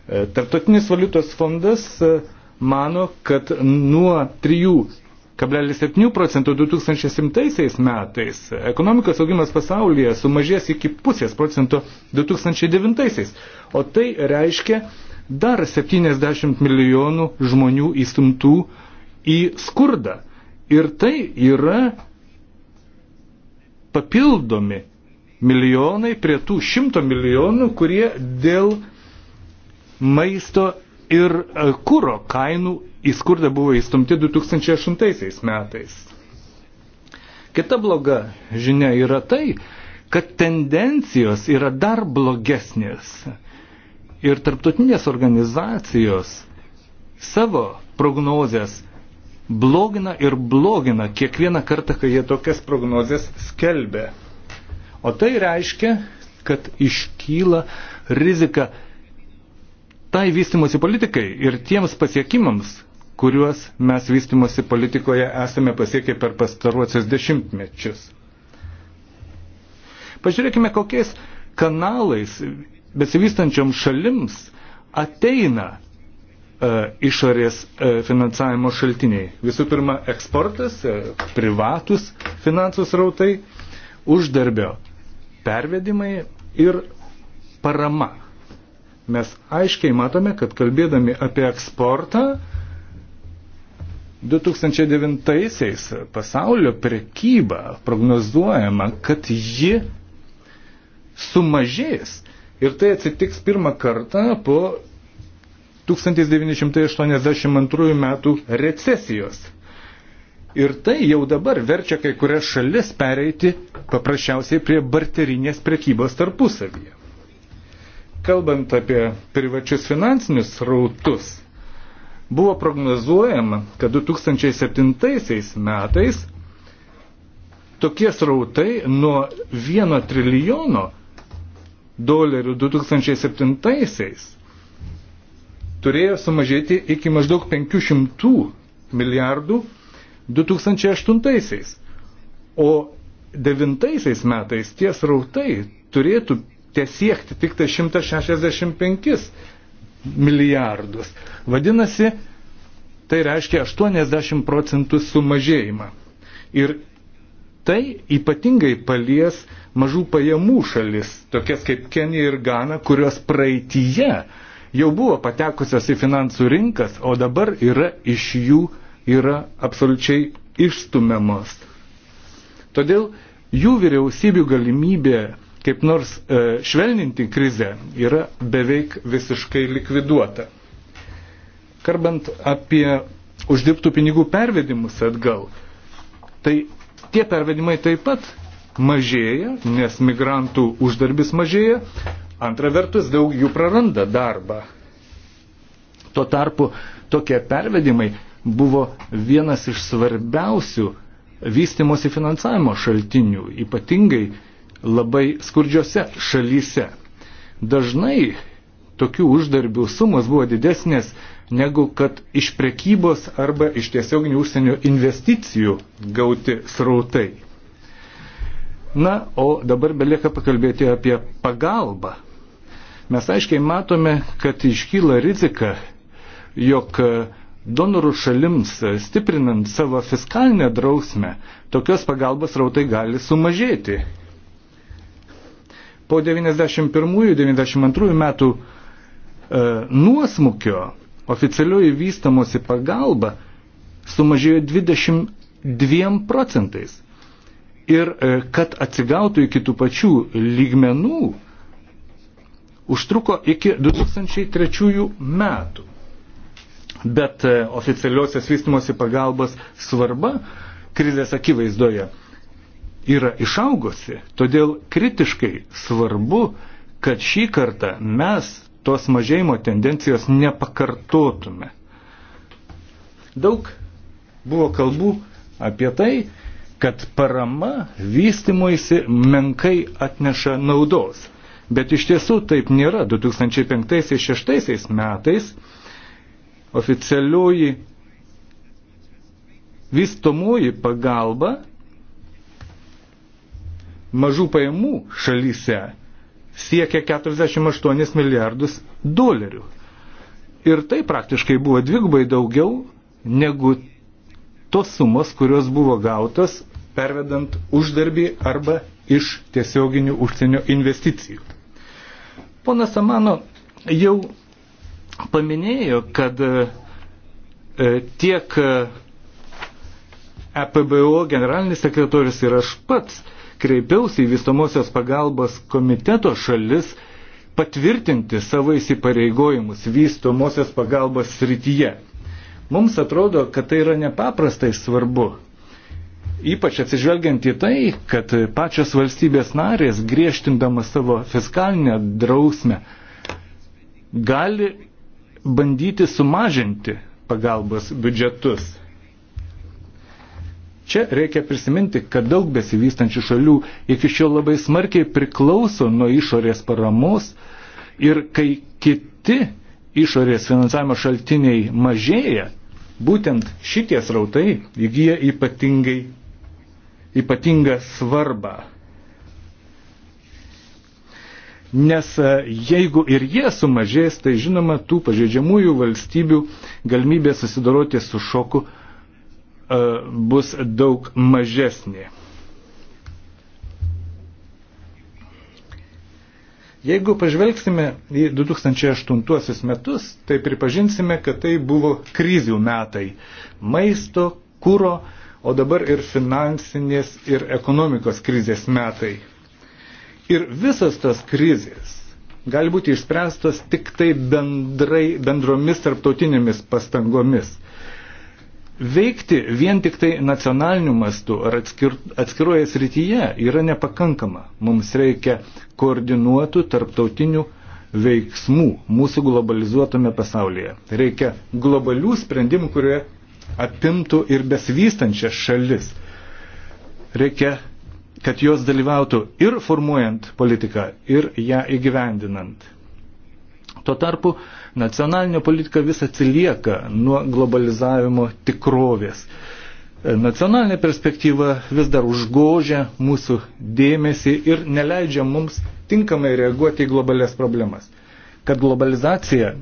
E, tarptautinis valiutos fondas e, mano, kad nuo 3,7 procentų 2007 metais ekonomikos augimas pasaulyje sumažės iki pusės procento 2009, o tai reiškia dar 70 milijonų žmonių įstumtų į skurdą. Ir tai yra papildomi milijonai prie tų šimto milijonų, kurie dėl maisto ir e, kūro kainų į skurdą buvo įstumti 2008 metais. Kita bloga žinia yra tai, kad tendencijos yra dar blogesnės. Ir tarptautinės organizacijos savo prognozes blogina ir blogina kiekvieną kartą, kai jie tokias prognozes skelbia. O tai reiškia, kad iškyla rizika tai vystimosi politikai ir tiems pasiekimams, kuriuos mes vystimosi politikoje esame pasiekę per pastaruosius dešimtmečius. Pažiūrėkime, kokiais kanalais besivystančiom šalims ateina E, išorės e, finansavimo šaltiniai. Visų pirma, eksportas, e, privatus finansų srautai, uždarbio pervedimai ir parama. Mes aiškiai matome, kad kalbėdami apie eksportą, 2009-aisiais pasaulio prekyba prognozuojama, kad ji sumažės. Ir tai atsitiks pirmą kartą po 1982 metų recesijos. Ir tai jau dabar verčia kai kurias šalis pereiti paprasčiausiai prie barterinės prekybos tarpusavyje. Kalbant apie privačius finansinius rautus, buvo prognozuojama, kad 2007 metais tokie srautai nuo 1 trilijono dolerių 2007 turėjo sumažėti iki maždaug 500 milijardų 2008-aisiais. O 2009 metais tie srautai turėtų tiesiekti tik tai 165 milijardus. Vadinasi, tai reiškia 80 procentų sumažėjimą. Ir tai ypatingai palies mažų pajamų šalis, tokias kaip Kenija ir Gana, kurios praeitįje jau buvo patekusios į finansų rinkas, o dabar yra iš jų yra absoliučiai išstumiamos. Todėl jų vyriausybių galimybė kaip nors e, švelninti krizę yra beveik visiškai likviduota. Karbant apie uždirbtų pinigų pervedimus atgal, tai tie pervedimai taip pat mažėja, nes migrantų uždarbis mažėja, Antra vertus, daug jų praranda darbą. Tuo tarpu tokie pervedimai buvo vienas iš svarbiausių vystimosi finansavimo šaltinių, ypatingai labai skurdžiose šalyse. Dažnai tokių uždarbių sumos buvo didesnės negu kad iš prekybos arba iš tiesioginių užsienio investicijų gauti srautai. Na, o dabar belieka pakalbėti apie pagalbą Mes aiškiai matome, kad iškyla rizika, jog donorų šalims, stiprinant savo fiskalinę drausmę, tokios pagalbos rautai gali sumažėti. Po 1991-1992 metų e, nuosmukio oficialioji vystamosi pagalba sumažėjo 22 procentais. Ir e, kad atsigautų iki tų pačių lygmenų, užtruko iki 2003 metų. Bet e, oficialiosios vystimosi pagalbos svarba krizės akivaizdoje yra išaugusi, todėl kritiškai svarbu, kad šį kartą mes tos mažėjimo tendencijos nepakartotume. Daug buvo kalbų apie tai, kad parama vystimuisi menkai atneša naudos. Bet iš tiesų taip nėra. 2005-2006 metais oficialioji vystomoji pagalba mažų pajamų šalyse siekia 48 milijardus dolerių. Ir tai praktiškai buvo dvigubai daugiau negu tos sumos, kurios buvo gautos pervedant uždarbį arba iš tiesioginių užsienio investicijų. Ponas Amano jau paminėjo, kad e, e, tiek EPBO e generalinis sekretorius ir aš pats kreipiausi į vystomosios pagalbos komiteto šalis patvirtinti savo įsipareigojimus vystomosios pagalbos srityje. Mums atrodo, kad tai yra nepaprastai svarbu. Ypač atsižvelgiant į tai, kad pačios valstybės narės, griežtindamas savo fiskalinę drausmę, gali bandyti sumažinti pagalbos biudžetus. Čia reikia prisiminti, kad daug besivystančių šalių iki šiol labai smarkiai priklauso nuo išorės paramos ir kai kiti išorės finansavimo šaltiniai mažėja, būtent šitie srautai įgyja ypatingai ypatingą svarbą. Nes e, jeigu ir jie sumažės, tai žinoma, tų pažeidžiamųjų valstybių galimybė susidoroti su šoku e, bus daug mažesnė. Jeigu pažvelgsime į 2008 metus, tai pripažinsime, kad tai buvo krizių metai. Maisto, kūro, o dabar ir finansinės ir ekonomikos krizės metai. Ir visas tas krizės gali būti išspręstos tik tai bendrai, bendromis tarptautinėmis pastangomis. Veikti vien tik tai nacionaliniu mastu ar atskir, atskiroje srityje yra nepakankama. Mums reikia koordinuotų tarptautinių veiksmų mūsų globalizuotame pasaulyje. Reikia globalių sprendimų, kurie apimtų ir besivystančias šalis. Reikia, kad jos dalyvautų ir formuojant politiką, ir ją įgyvendinant. Tuo tarpu nacionalinė politika vis atsilieka nuo globalizavimo tikrovės. Nacionalinė perspektyva vis dar užgožia mūsų dėmesį ir neleidžia mums tinkamai reaguoti į globalias problemas. Kad globalizacija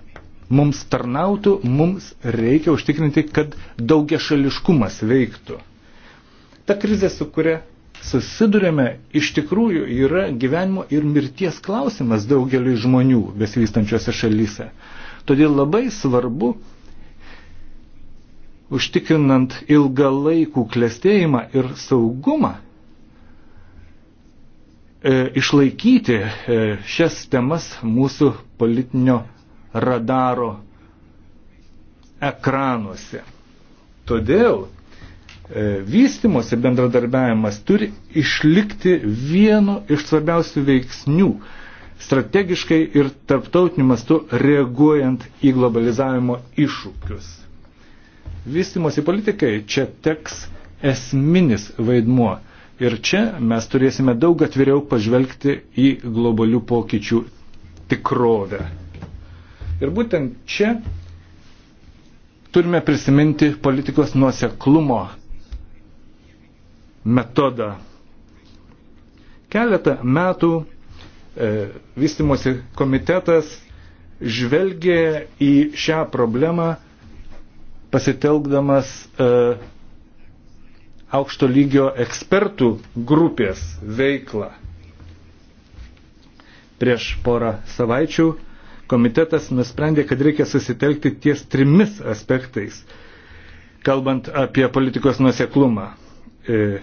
mums tarnautų, mums reikia užtikrinti, kad daugia šališkumas veiktų. Ta krizė, su kuria susidurėme, iš tikrųjų yra gyvenimo ir mirties klausimas daugeliu žmonių besivystančiose šalyse. Todėl labai svarbu, užtikrinant ilgalaikų klestėjimą ir saugumą, e, išlaikyti e, šias temas mūsų politinio radaro ekranuose. Todėl e, vystimosi bendradarbiavimas turi išlikti vienu iš svarbiausių veiksnių strategiškai ir tarptautiniu mastu reaguojant į globalizavimo iššūkius. Vystimosi politikai čia teks esminis vaidmuo ir čia mes turėsime daug atviriau pažvelgti į globalių pokyčių tikrovę. Ir būtent čia turime prisiminti politikos nuoseklumo metodą. Keletą metų e, vystimosi komitetas žvelgė į šią problemą pasitelkdamas e, aukšto lygio ekspertų grupės veiklą. Prieš porą savaičių komitetas nusprendė, kad reikia susitelkti ties trimis aspektais, kalbant apie politikos nuseklumą. E,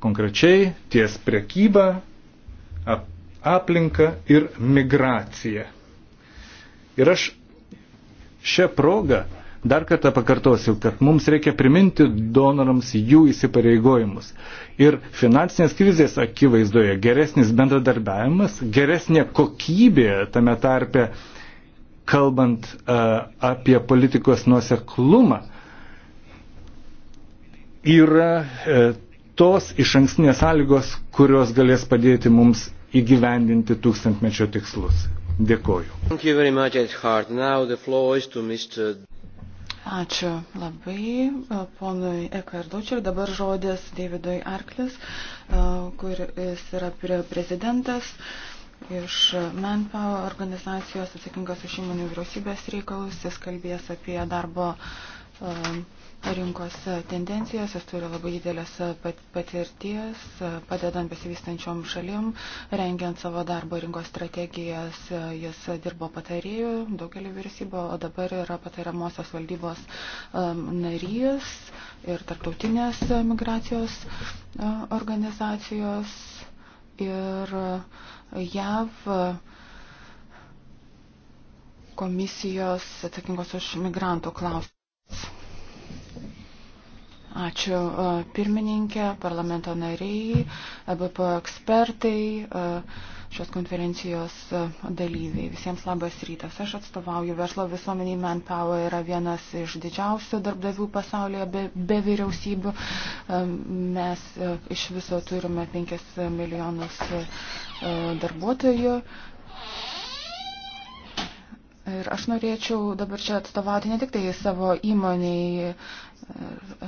konkrečiai ties prekyba, aplinka ir migracija. Ir aš šią progą Dar kartą pakartosiu, kad mums reikia priminti donorams jų įsipareigojimus. Ir finansinės krizės akivaizdoje geresnis bendradarbiavimas, geresnė kokybė tame tarpe, kalbant uh, apie politikos nuoseklumą, yra uh, tos iš ankstinės sąlygos, kurios galės padėti mums įgyvendinti tūkstantmečio tikslus. Dėkoju. Ačiū labai e, ponui Ekardučiu ir dabar žodis Davidui Arklis, e, kuris yra prezidentas iš Manpower organizacijos atsakingas už įmonių vyriausybės reikalus. Jis kalbės apie darbo e, rinkos tendencijas, jis turi labai didelės patirties, padedant besivystančiom šalim, rengiant savo darbo rinkos strategijas, jis dirbo patarėjų daugelį vyriausybių, o dabar yra patariamosios valdybos um, narys ir tarptautinės migracijos uh, organizacijos ir JAV komisijos atsakingos už migrantų klausimus. Ačiū pirmininkė, parlamento nariai, ABP ekspertai, šios konferencijos dalyviai. Visiems labas rytas. Aš atstovauju verslo visuomeniai Manpower, yra vienas iš didžiausių darbdavių pasaulyje be, be vyriausybių. Mes iš viso turime 5 milijonus darbuotojų. Ir aš norėčiau dabar čia atstovauti ne tik tai savo įmoniai,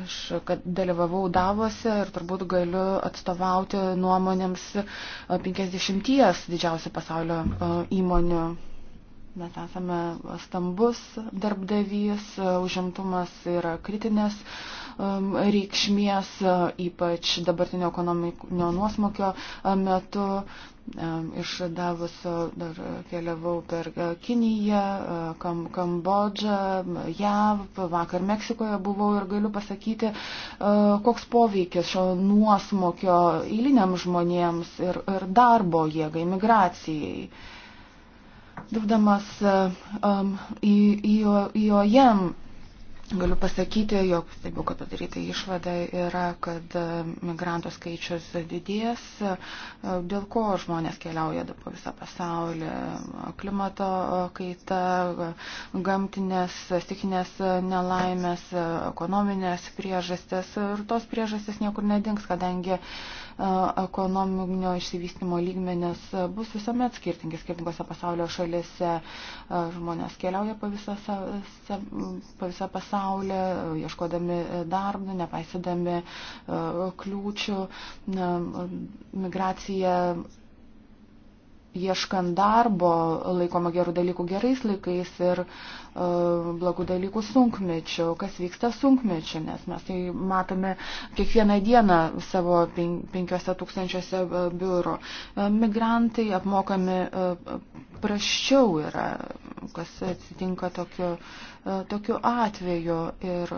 aš kad dalyvavau Davose ir turbūt galiu atstovauti nuomonėms 50 didžiausių pasaulio įmonių. Mes esame stambus darbdavys, užimtumas yra kritinės Um, reikšmės, uh, ypač dabartinio ekonominio nuosmokio uh, metu. Um, Iš Davuso dar keliavau per uh, Kiniją, Kam Kambodžą, JAV, vakar Meksikoje buvau ir galiu pasakyti, koks poveikis šio nuosmokio eiliniam žmonėms ir, ir darbo jėgai, migracijai. Dirbdamas um, į, į, į OJM Galiu pasakyti, jog stebiu, tai kad padaryta išvada yra, kad e, migrantų skaičius didės, e, dėl ko žmonės keliauja po visą pasaulį. Klimato kaita, gamtinės, stikinės nelaimės, ekonominės priežastės ir tos priežastės niekur nedings, kadangi uh, ekonominio išsivystimo lygmenės bus visuomet skirtingi skirtingose pasaulio šalise. Žmonės keliauja po visą, po visą pasaulį, ieškodami darbų, nepaisydami kliūčių. Migracija ieškant darbo laikoma gerų dalykų gerais laikais ir uh, E, blogų dalykų sunkmečių, kas vyksta sunkmečių, nes mes tai matome kiekvieną dieną savo penkiuose tūkstančiuose e, biurų. E, migrantai apmokami prasčiau yra, kas atsitinka tokiu, tokiu atveju ir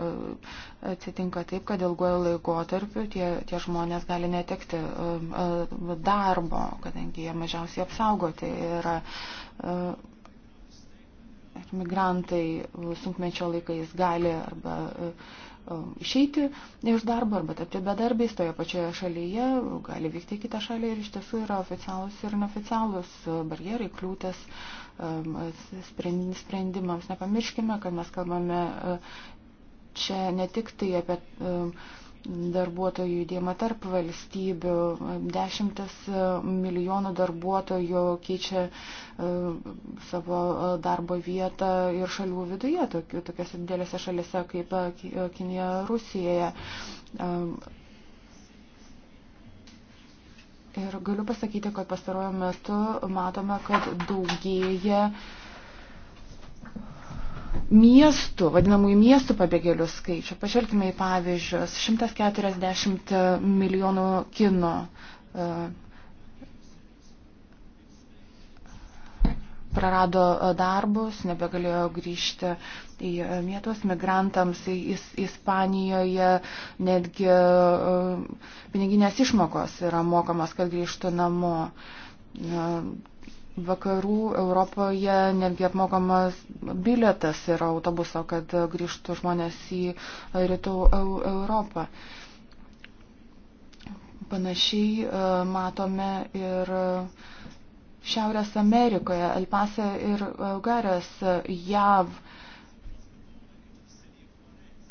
atsitinka taip, kad ilgojo laikotarpiu tie, tie žmonės gali netekti darbo, kadangi jie mažiausiai apsaugoti yra migrantai e, sunkmečio laikais gali arba e, e, išeiti iš darbo arba tapti bedarbiais toje pačioje šalyje, gali vykti į kitą šalį ir iš tiesų yra oficialūs ir neoficialūs barjerai, kliūtis sprendimams. Nepamirškime, kad mes kalbame čia ne tik tai apie darbuotojų judėjimą tarp valstybių. Dešimtas milijonų darbuotojų keičia e, savo darbo vietą ir šalių viduje, tokiuose didelėse šalise kaip e, e, Kinija, Rusijoje. Ir galiu pasakyti, kad pastarojame metu matome, kad daugėja uh, miestų, vadinamųjų miestų pabėgėlių skaičių. Pažvelkime į pavyzdžius. 140 e, milijonų kino e, prarado e, darbus, nebegalėjo grįžti į vietos migrantams, į Ispanijoje netgi piniginės išmokos yra mokamos, kad grįžtų namo vakarų Europoje netgi apmokamas bilietas yra autobuso, kad grįžtų žmonės į rytų Europą. Panašiai e, matome ir Šiaurės Amerikoje, Elpase ir Garas, JAV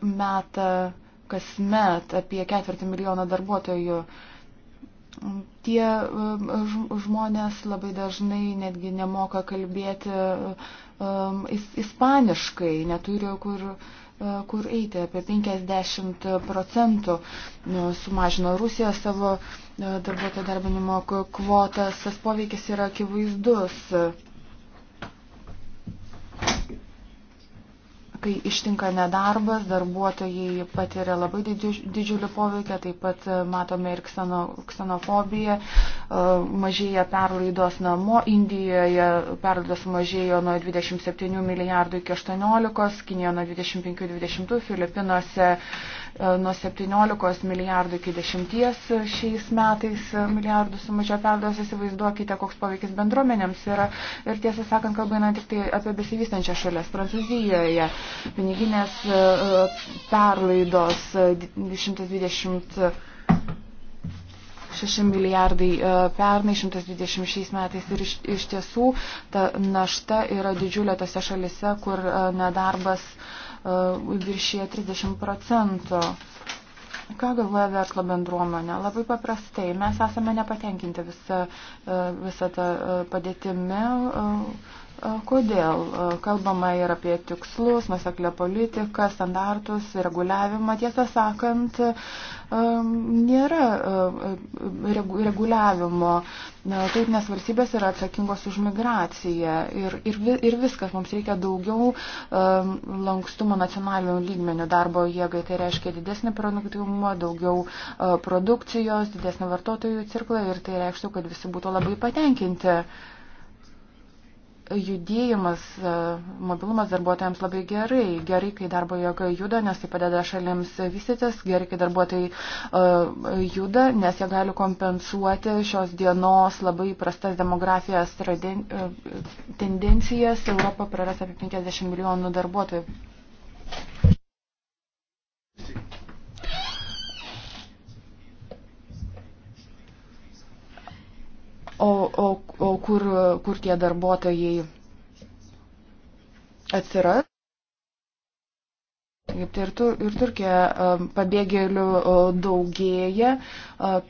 meta kasmet apie ketvirtį milijoną darbuotojų tie um, žmonės labai dažnai netgi nemoka kalbėti um, ispaniškai, neturi kur, uh, kur eiti. Apie 50 procentų nu, sumažino Rusija savo uh, darbuotojų darbinimo kvotas. Tas poveikis yra akivaizdus. kai ištinka nedarbas, darbuotojai patiria labai didžiulį poveikį, taip pat e, matome ir kseno, ksenofobiją, e, mažėja perlaidos namo, Indijoje perlaidos mažėjo nuo 27 milijardų iki 18, Kinijoje nuo 25-20, Filipinuose E, nuo 17 milijardų iki 10 šiais metais milijardų sumažėjo perdos, įsivaizduokite, koks poveikis bendruomenėms yra. Ir tiesą sakant, kalbame tik tai apie besivystančią šalias. Prancūzijoje piniginės e, perlaidos 120 e, 6 milijardai pernai, 126 metais ir iš, iš tiesų ta našta yra didžiulė tose šalise, kur nedarbas uh, viršyje 30 procentų. Ką galvoja verslo bendruomenė? Labai paprastai, mes esame nepatenkinti visą, visą tą e, padėtimi e, Kodėl? Kalbama ir apie tikslus, nuseklę politiką, standartus, reguliavimą. Tiesą sakant, nėra reguliavimo. Tautinės valstybės yra atsakingos už migraciją ir, ir, ir viskas. Mums reikia daugiau lankstumo nacionalinių lygmenių darbo jėgai. Tai reiškia didesnį produktivumą, daugiau produkcijos, didesnį vartotojų cirklą ir tai reikštų, kad visi būtų labai patenkinti judėjimas, e, mobilumas darbuotojams labai gerai. Gerai, kai darbo jėga juda, nes tai padeda šalims vystytis. Gerai, kai darbuotojai e, juda, nes jie gali kompensuoti šios dienos labai prastas demografijos e, tendencijas. Europa praras apie 50 milijonų darbuotojų. O, o, o kur, kur tie darbuotojai atsiras? Taip, tai ir, tu, ir Turkija pabėgėlių daugėja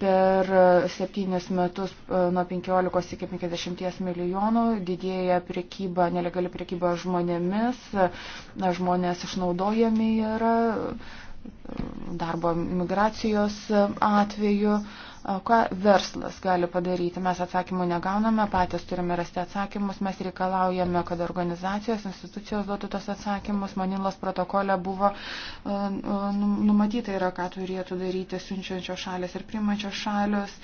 per septynis metus nuo 15 iki 50 milijonų, didėja priekyba, nelegali priekyba žmonėmis, na, žmonės išnaudojami yra darbo migracijos atveju ką verslas gali padaryti. Mes atsakymų negauname, patys turime rasti atsakymus, mes reikalaujame, kad organizacijos, institucijos duotų tos atsakymus. Manilos protokole buvo e, e, numatyta yra, ką turėtų daryti siunčiančios šalis ir priimančios šalis.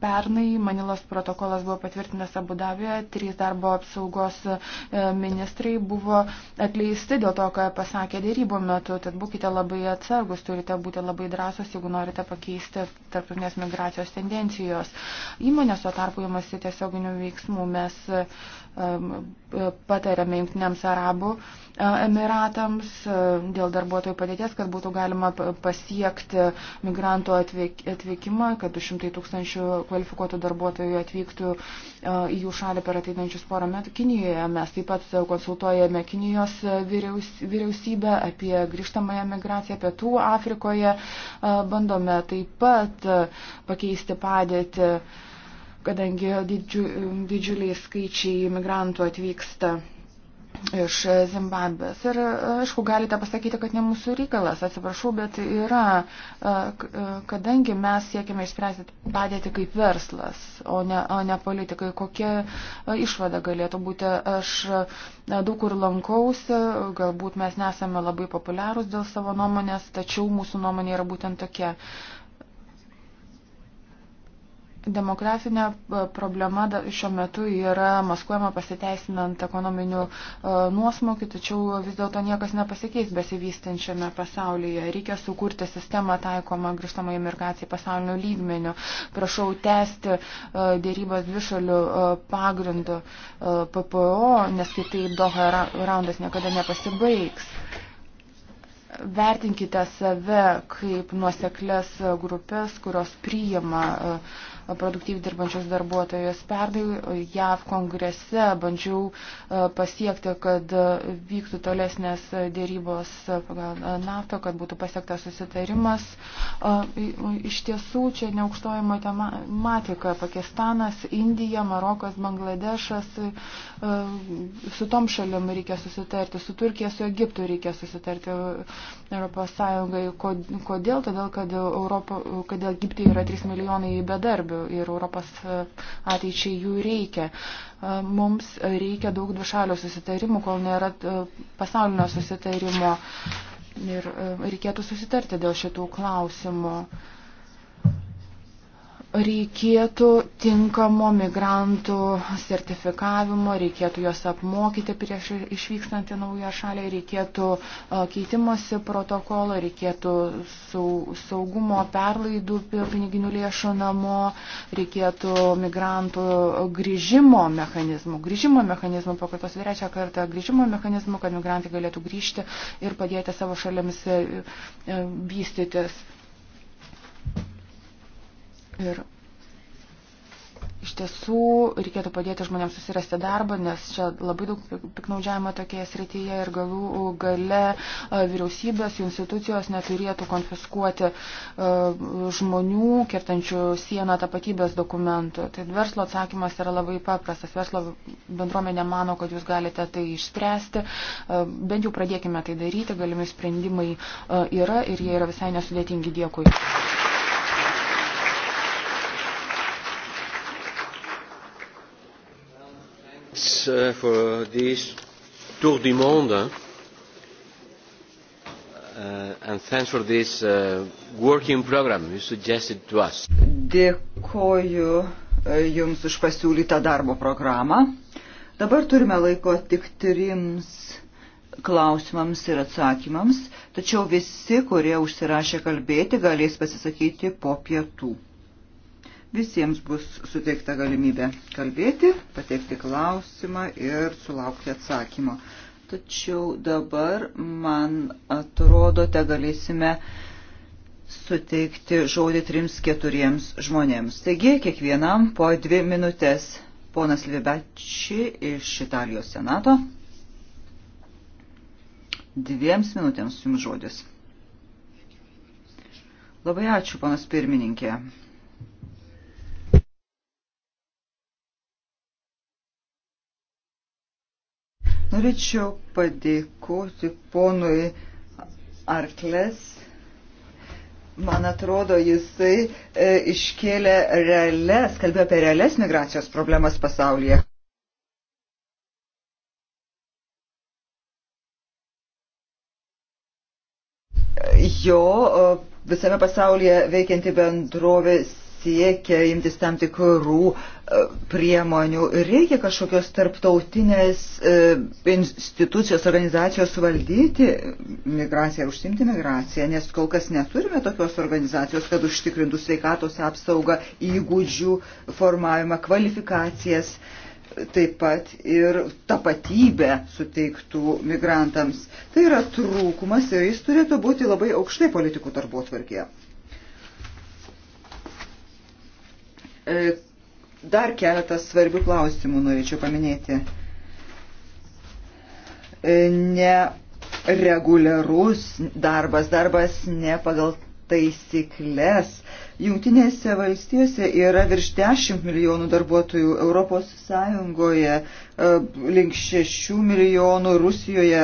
Pernai Manilos protokolas buvo patvirtinęs Abu Dabijoje, trys darbo apsaugos e, ministrai buvo atleisti dėl to, ką pasakė dėrybų metu. Tad būkite labai atsargus, turite būti labai drąsus, jeigu norite pakeisti tarp tarptautinės migracijos tendencijos. Įmonės tuo tarpu jomasi tiesioginių veiksmų. Mes patariame Junktiniams Arabų e, Emiratams e, dėl darbuotojų padėties, kad būtų galima pasiekti migrantų atvykimą, kad 200 tūkstančių kvalifikuotų darbuotojų atvyktų e, į jų šalį per ateinančius porą metų Kinijoje. Mes taip pat konsultuojame Kinijos vyriausybę apie grįžtamąją migraciją pietų Afrikoje. Bandome taip pat pakeisti padėtį kadangi didžiu, didžiuliai skaičiai imigrantų atvyksta iš Zimbabvės. Ir aišku, galite pasakyti, kad ne mūsų reikalas, atsiprašau, bet yra, kadangi mes siekime išspręsti padėti kaip verslas, o ne, o ne politikai, kokia išvada galėtų būti. Aš daug kur lankausi, galbūt mes nesame labai populiarūs dėl savo nuomonės, tačiau mūsų nuomonė yra būtent tokia. Demografinė e, problema šiuo metu yra maskuojama pasiteisinant ekonominių e, nuosmokių, tačiau vis dėlto niekas nepasikeis besivystančiame pasaulyje. Reikia sukurti sistemą taikomą grįžtamą imigracijai pasaulinių lygmenių. Prašau tęsti e, dėrybas dvišalių pagrindų PPO, nes kitaip Doha raundas niekada nepasibaigs vertinkite save kaip nuoseklės grupės, kurios priima uh, produktyviai dirbančius darbuotojus. Pernai JAV kongrese bandžiau e, pasiekti, kad vyktų tolesnės dėrybos pagal e, naftą, kad būtų pasiektas susitarimas. E, iš tiesų čia neaukštoji matematika. Pakistanas, Indija, Marokas, Bangladešas. Su tom šalim reikia susitarti. Su Turkija, su Egiptu reikia susitarti Europos Sąjungai. Kodėl? Todėl, kad, Europo, kad Egipte yra 3 milijonai bedarbių ir Europos ateičiai jų reikia. Mums reikia daug dvišalio susitarimų, kol nėra pasaulinio susitarimo ir reikėtų susitarti dėl šitų klausimų reikėtų tinkamo migrantų sertifikavimo, reikėtų juos apmokyti prieš išvykstant į naują šalį, reikėtų keitimosi protokolo, reikėtų saugumo perlaidų piniginių lėšų namo, reikėtų migrantų grįžimo mechanizmų, grįžimo mechanizmų, pakartos trečią kartą grįžimo mechanizmų, kad migrantai galėtų grįžti ir padėti savo šalėmis e, e, vystytis. Ir iš tiesų reikėtų padėti žmonėms susirasti darbą, nes čia labai daug piknaudžiavimo tokioje srityje ir galų gale vyriausybės, institucijos neturėtų konfiskuoti žmonių, kertančių sieną tapatybės dokumentų. Tai verslo atsakymas yra labai paprastas. Verslo bendruomenė mano, kad jūs galite tai išspręsti. Bent jau pradėkime tai daryti, galimi sprendimai yra ir jie yra visai nesudėtingi. Dėkui. minutes uh, for this tour du monde. Uh, and thanks for this uh, working program you suggested to us. Dėkoju uh, Jums už pasiūlytą darbo programą. Dabar turime laiko tik trims klausimams ir atsakymams, tačiau visi, kurie užsirašė kalbėti, galės pasisakyti po pietų. Visiems bus suteikta galimybė kalbėti, pateikti klausimą ir sulaukti atsakymo. Tačiau dabar, man atrodo, te galėsime suteikti žodį trims keturiems žmonėms. Taigi, kiekvienam po dvi minutės. Ponas Libeči iš Italijos senato. Dviems minutėms jums žodis. Labai ačiū, panas pirmininkė. Norėčiau padėkoti ponui Arklės. Man atrodo, jisai e, iškėlė realias, kalbėjo apie realias migracijos problemas pasaulyje. Jo visame pasaulyje veikianti bendrovė siekia imtis tam tikrų e, priemonių. Reikia kažkokios tarptautinės e, institucijos, organizacijos valdyti migraciją, užsimti migraciją, nes kol kas neturime tokios organizacijos, kad užtikrintų sveikatos apsaugą, įgūdžių formavimą, kvalifikacijas taip pat ir tapatybę suteiktų migrantams. Tai yra trūkumas ir jis turėtų būti labai aukštai politikų darbo tvarkėje. E, dar keletą svarbių klausimų norėčiau paminėti. E, nereguliarus darbas, darbas ne pagal taisyklės. Jungtinėse valstijose yra virš 10 milijonų darbuotojų, Europos Sąjungoje e, link 6 milijonų, Rusijoje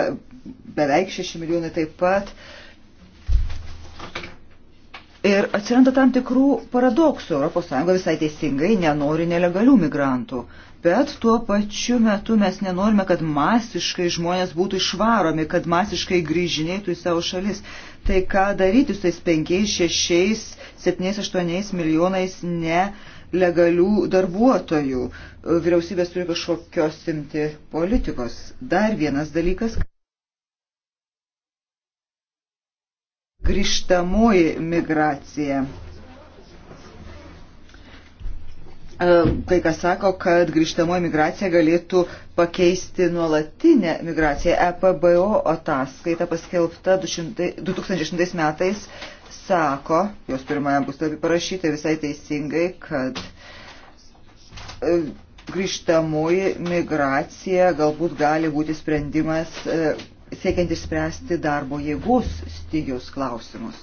beveik 6 milijonai taip pat. Uh, Ir atsiranda tam tikrų paradoksų. ES visai teisingai nenori nelegalių migrantų. Bet tuo pačiu metu mes nenorime, kad masiškai žmonės būtų išvaromi, kad masiškai grįžinėtų į savo šalis. Tai ką daryti su tais 5, 6, 7, 8 milijonais nelegalių darbuotojų? Vyriausybės turi kažkokios simti politikos. Dar vienas dalykas. grįžtamoji migracija. E, kai kas sako, kad grįžtamoji migracija galėtų pakeisti nuolatinę migraciją. EPBO ataskaita paskelbta 2008 metais sako, jos pirmajam puslapį parašyta visai teisingai, kad e, grįžtamoji migracija galbūt gali būti sprendimas e, siekiant išspręsti darbo jėgos stygiaus klausimus.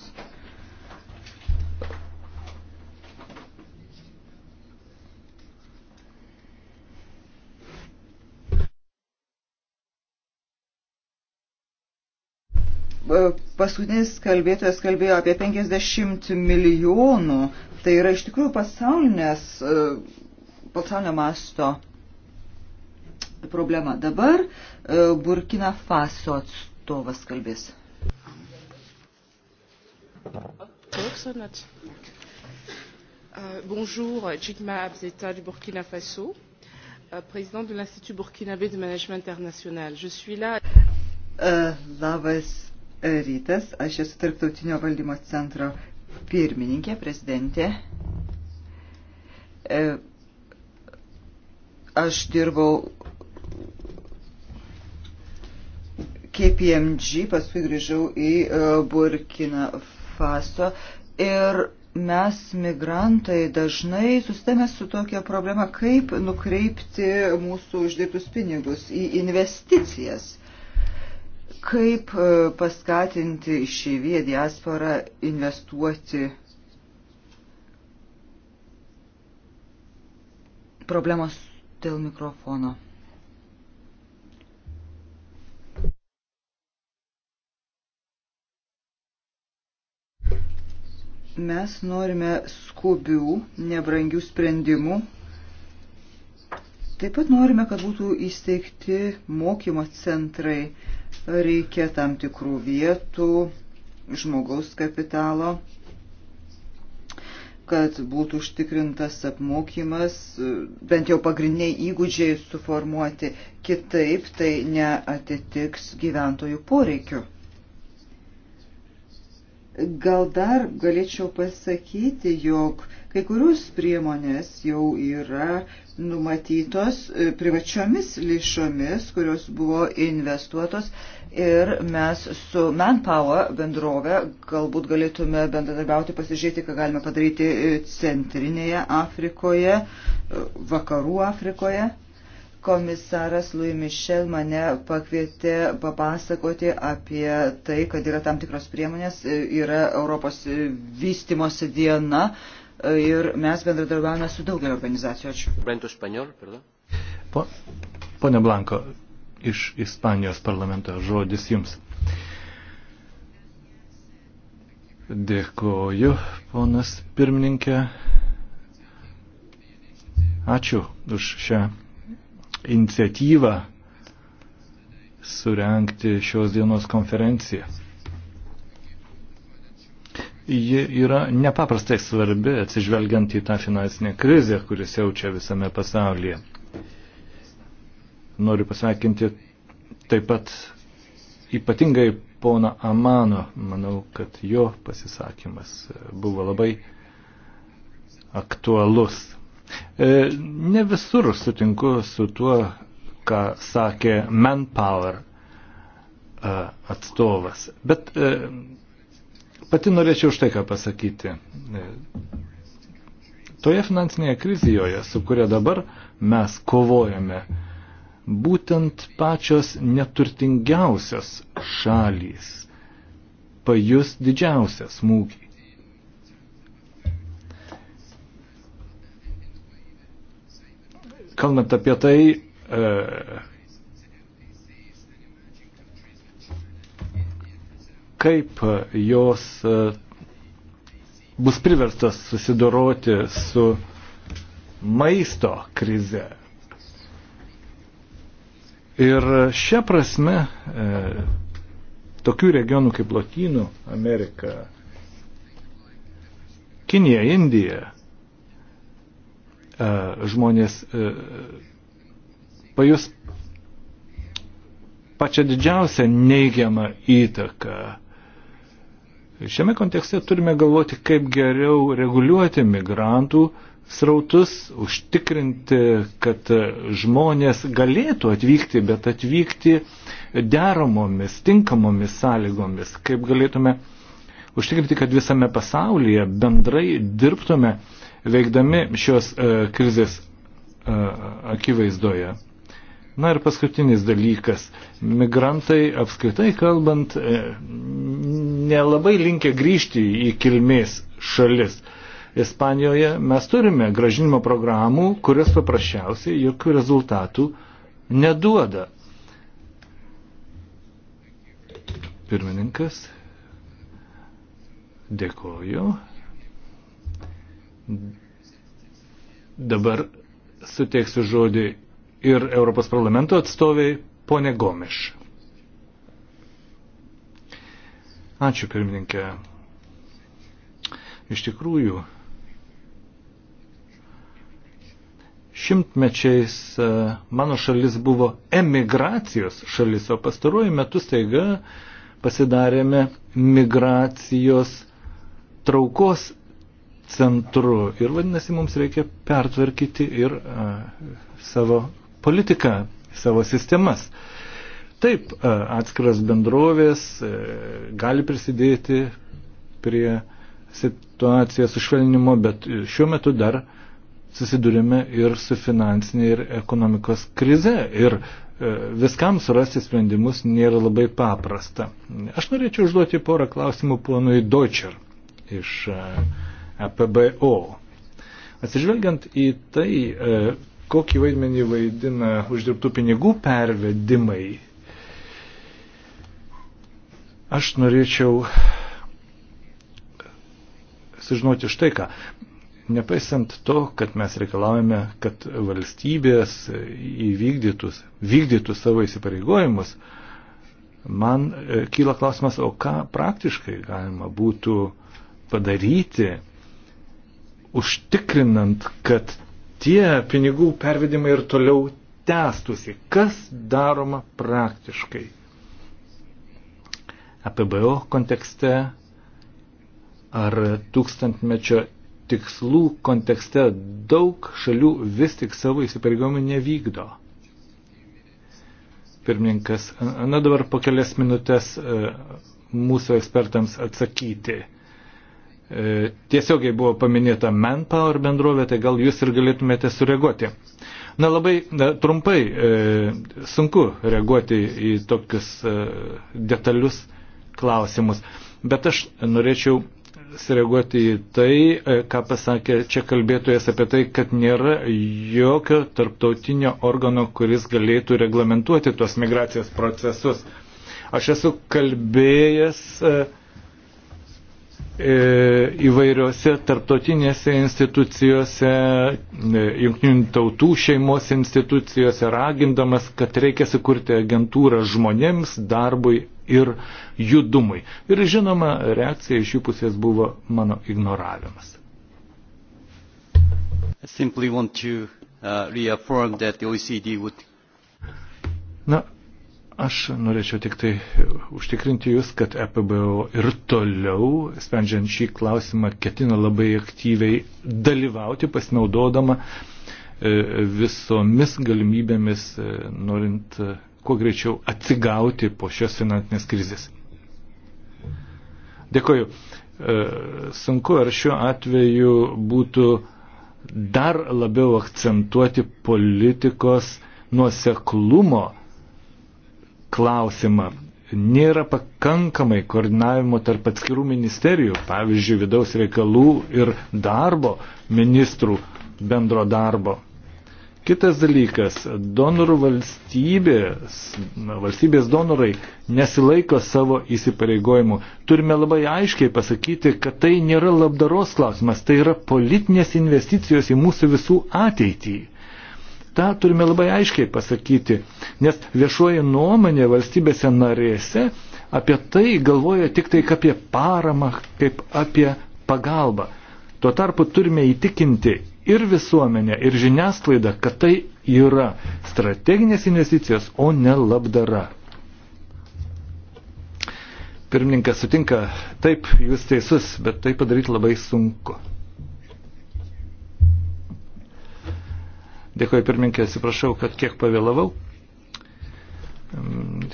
Paskutinis kalbėtojas kalbėjo apie 50 milijonų. Tai yra iš tikrųjų pasaulinės, e, pasaulinio masto problema. Dabar e, Burkina Faso atstovas kalbės. Euh, bonjour, Jigma Abzeta du Burkina Faso, euh, président de l'Institut burkinabé de management international. Je suis là. E, labas rytas, aš esu tarptautinio valdymo centro pirmininkė, prezidentė. E, aš dirbau KPMG, paskui grįžau į e, Burkina Faso ir mes, migrantai, dažnai susitame su tokia problema, kaip nukreipti mūsų uždirbtus pinigus į investicijas, kaip e, paskatinti išeiviją diasporą investuoti. Problemos dėl mikrofono. Mes norime skubių, nebrangių sprendimų. Taip pat norime, kad būtų įsteigti mokymo centrai. Reikia tam tikrų vietų, žmogaus kapitalo, kad būtų užtikrintas apmokymas, bent jau pagrindiniai įgūdžiai suformuoti. Kitaip tai neatitiks gyventojų poreikių. Gal dar galėčiau pasakyti, jog kai kurios priemonės jau yra numatytos e, privačiomis lėšomis, kurios buvo investuotos ir mes su Manpower bendrove galbūt galėtume bendradarbiauti, pasižiūrėti, ką galime padaryti e, centrinėje Afrikoje, e, vakarų Afrikoje. Komisaras Louis Michel mane pakvietė papasakoti apie tai, kad yra tam tikros priemonės, yra Europos vystimosi diena ir mes bendradarbiavame su daugelio organizacijų. Ačiū. Po, pone Blanko, iš Ispanijos parlamento žodis jums. Dėkoju, ponas pirmininkė. Ačiū už šią iniciatyvą surenkti šios dienos konferenciją. Ji yra nepaprastai svarbi atsižvelgiant į tą finansinę krizę, kuris jaučia visame pasaulyje. Noriu pasveikinti taip pat ypatingai pona Amano. Manau, kad jo pasisakymas buvo labai aktualus. E, ne visur sutinku su tuo, ką sakė Manpower e, atstovas. Bet e, pati norėčiau štai ką pasakyti. Toje finansinėje krizijoje, su kuria dabar mes kovojame, būtent pačios neturtingiausios šalys pajus didžiausią smūgį. Kalbant apie tai, e, kaip jos e, bus priverstas susidoroti su maisto krize. Ir šią prasme e, tokių regionų kaip Lotynų Amerika, Kinija, Indija E, žmonės e, pajus pačią didžiausią neigiamą įtaką. Šiame kontekste turime galvoti, kaip geriau reguliuoti migrantų srautus, užtikrinti, kad žmonės galėtų atvykti, bet atvykti deramomis, tinkamomis sąlygomis, kaip galėtume užtikrinti, kad visame pasaulyje bendrai dirbtume uh, veikdami šios e, krizės e, akivaizdoje. Na ir paskutinis dalykas. Migrantai apskritai kalbant e, nelabai linkia grįžti į kilmės šalis. Ispanijoje mes turime gražinimo programų, kurios paprasčiausiai jokių rezultatų neduoda. Pirmininkas, dėkoju. Dabar suteiksiu žodį ir Europos parlamento atstoviai ponė Gomiš. Ačiū pirmininkė. Iš tikrųjų, šimtmečiais e, mano šalis buvo emigracijos šalis, o pastaruoju metu staiga pasidarėme migracijos traukos centru. Ir vadinasi, mums reikia pertvarkyti ir a, savo politiką, savo sistemas. Taip, a, atskiras bendrovės a, e, gali prisidėti prie situacijos sušvelnimo, bet šiuo metu dar susidurime ir su finansinė ir ekonomikos krize. Ir e, viskam surasti sprendimus nėra labai paprasta. Aš norėčiau užduoti porą klausimų ponui Deutscher iš uh, PBO. Atsižvelgiant į tai, e, kokį vaidmenį vaidina uždirbtų pinigų pervedimai, aš norėčiau sužinoti štai ką. Nepaisant to, kad mes reikalavome, kad valstybės įvykdytus, vykdytų savo įsipareigojimus, man e, kyla klausimas, o ką praktiškai galima būtų padaryti, užtikrinant, kad tie pinigų pervedimai ir toliau tęstusi. Kas daroma praktiškai? APBO kontekste ar tūkstantmečio tikslų kontekste daug šalių vis tik savo įsipareigojimų nevykdo. Pirmininkas, na dabar po kelias minutės e, mūsų ekspertams atsakyti. E, tiesiogiai buvo paminėta Manpower bendrovė, tai gal jūs ir galėtumėte sureaguoti. Na labai na, trumpai, e, sunku reaguoti į tokius e, detalius klausimus, bet aš norėčiau sureaguoti į tai, e, ką pasakė čia kalbėtojas apie tai, kad nėra jokio tarptautinio organo, kuris galėtų reglamentuoti tuos migracijos procesus. Aš esu kalbėjęs. E, E, įvairiose tarptautinėse institucijose, e, jungtinių tautų šeimos institucijose, ragindamas, kad reikia sukurti agentūrą žmonėms, darbui ir judumui. Ir žinoma, reakcija iš jų pusės buvo mano ignoravimas. To, uh, e would... Na, Aš norėčiau tik tai užtikrinti Jūs, kad EPBO ir toliau, sprendžiant šį klausimą, ketina labai aktyviai dalyvauti, pasinaudodama e, visomis galimybėmis, e, norint e, kuo greičiau atsigauti po šios finansinės krizės. Dėkoju. Sunku ar šiuo atveju būtų dar labiau akcentuoti politikos nuoseklumo klausimą. Nėra pakankamai koordinavimo tarp atskirų ministerijų, pavyzdžiui, vidaus reikalų ir darbo ministrų bendro darbo. Kitas dalykas, donorų valstybės, valstybės donorai nesilaiko savo įsipareigojimų. Turime labai aiškiai pasakyti, kad tai nėra labdaros klausimas, tai yra politinės investicijos į mūsų visų ateitį. Ta turime labai aiškiai pasakyti, nes viešoji nuomonė valstybėse narėse apie tai galvoja tik tai apie paramą, kaip apie pagalbą. Tuo tarpu turime įtikinti ir visuomenę, ir žiniasklaidą, kad tai yra strateginės investicijos, o ne labdara. Pirmininkas sutinka, taip, jūs teisus, bet tai padaryti labai sunku. Dėkuoju pirminkė, atsiprašau, kad kiek pavėlavau.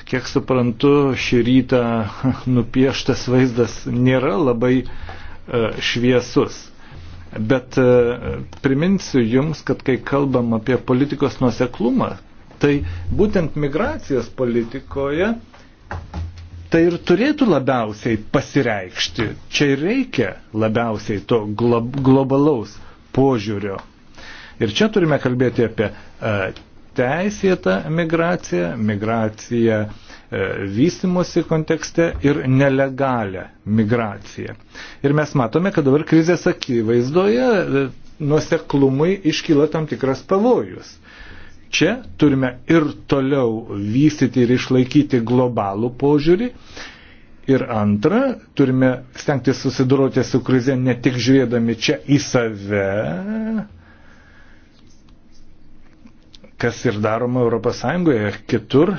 Kiek suprantu, šį rytą nupieštas vaizdas nėra labai e, šviesus. Bet e, priminsiu Jums, kad kai kalbam apie politikos nuoseklumą, tai būtent migracijos politikoje tai ir turėtų labiausiai pasireikšti. Čia ir reikia labiausiai to glo globalaus požiūrio Ir čia turime kalbėti apie e, teisėtą migraciją, migraciją e, vystimosi kontekste ir nelegalią migraciją. Ir mes matome, kad dabar krizės akivaizdoje e, nuoseklumui iškyla tam tikras pavojus. Čia turime ir toliau vystyti ir išlaikyti globalų požiūrį. Ir antra, turime stengtis susidoroti su krize ne tik žiūrėdami čia į save, kas ir daroma ES kitur,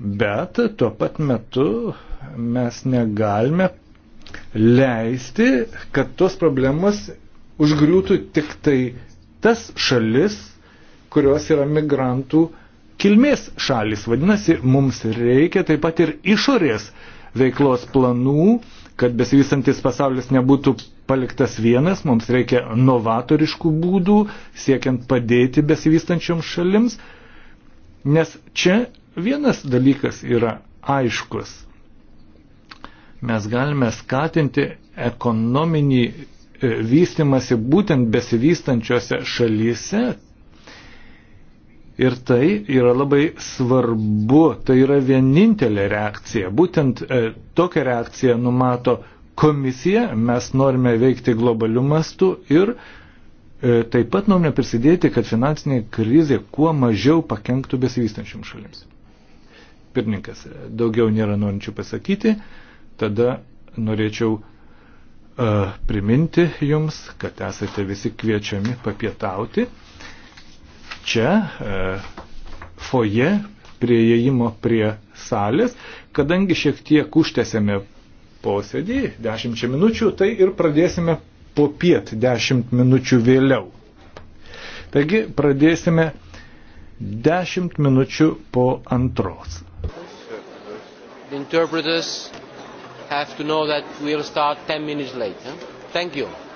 bet tuo pat metu mes negalime leisti, kad tos problemos užgriūtų tik tai tas šalis, kurios yra migrantų kilmės šalis. Vadinasi, mums reikia taip pat ir išorės veiklos planų, kad besivystantis pasaulis nebūtų paliktas vienas, mums reikia novatoriškų būdų, siekiant padėti besivystančioms šalims, nes čia vienas dalykas yra aiškus. Mes galime skatinti ekonominį e, vystimasi būtent besivystančiose šalyse. Ir tai yra labai svarbu, tai yra vienintelė reakcija. Būtent e, tokią reakciją numato komisija, mes norime veikti globaliu mastu ir e, taip pat norime prisidėti, kad finansinė krizė kuo mažiau pakenktų besivystančiam šalims. Pirmininkas, e, daugiau nėra norinčių pasakyti, tada norėčiau uh, priminti jums, kad esate visi kviečiami papietauti. Čia uh, foje prieėjimo prie salės, kadangi šiek tiek užtėsėme posėdį 10 minučių, tai ir pradėsime po piet 10 minučių vėliau. Taigi pradėsime 10 minučių po antros. The interpreters have to know that we'll start 10 minutes late. Huh? Thank you.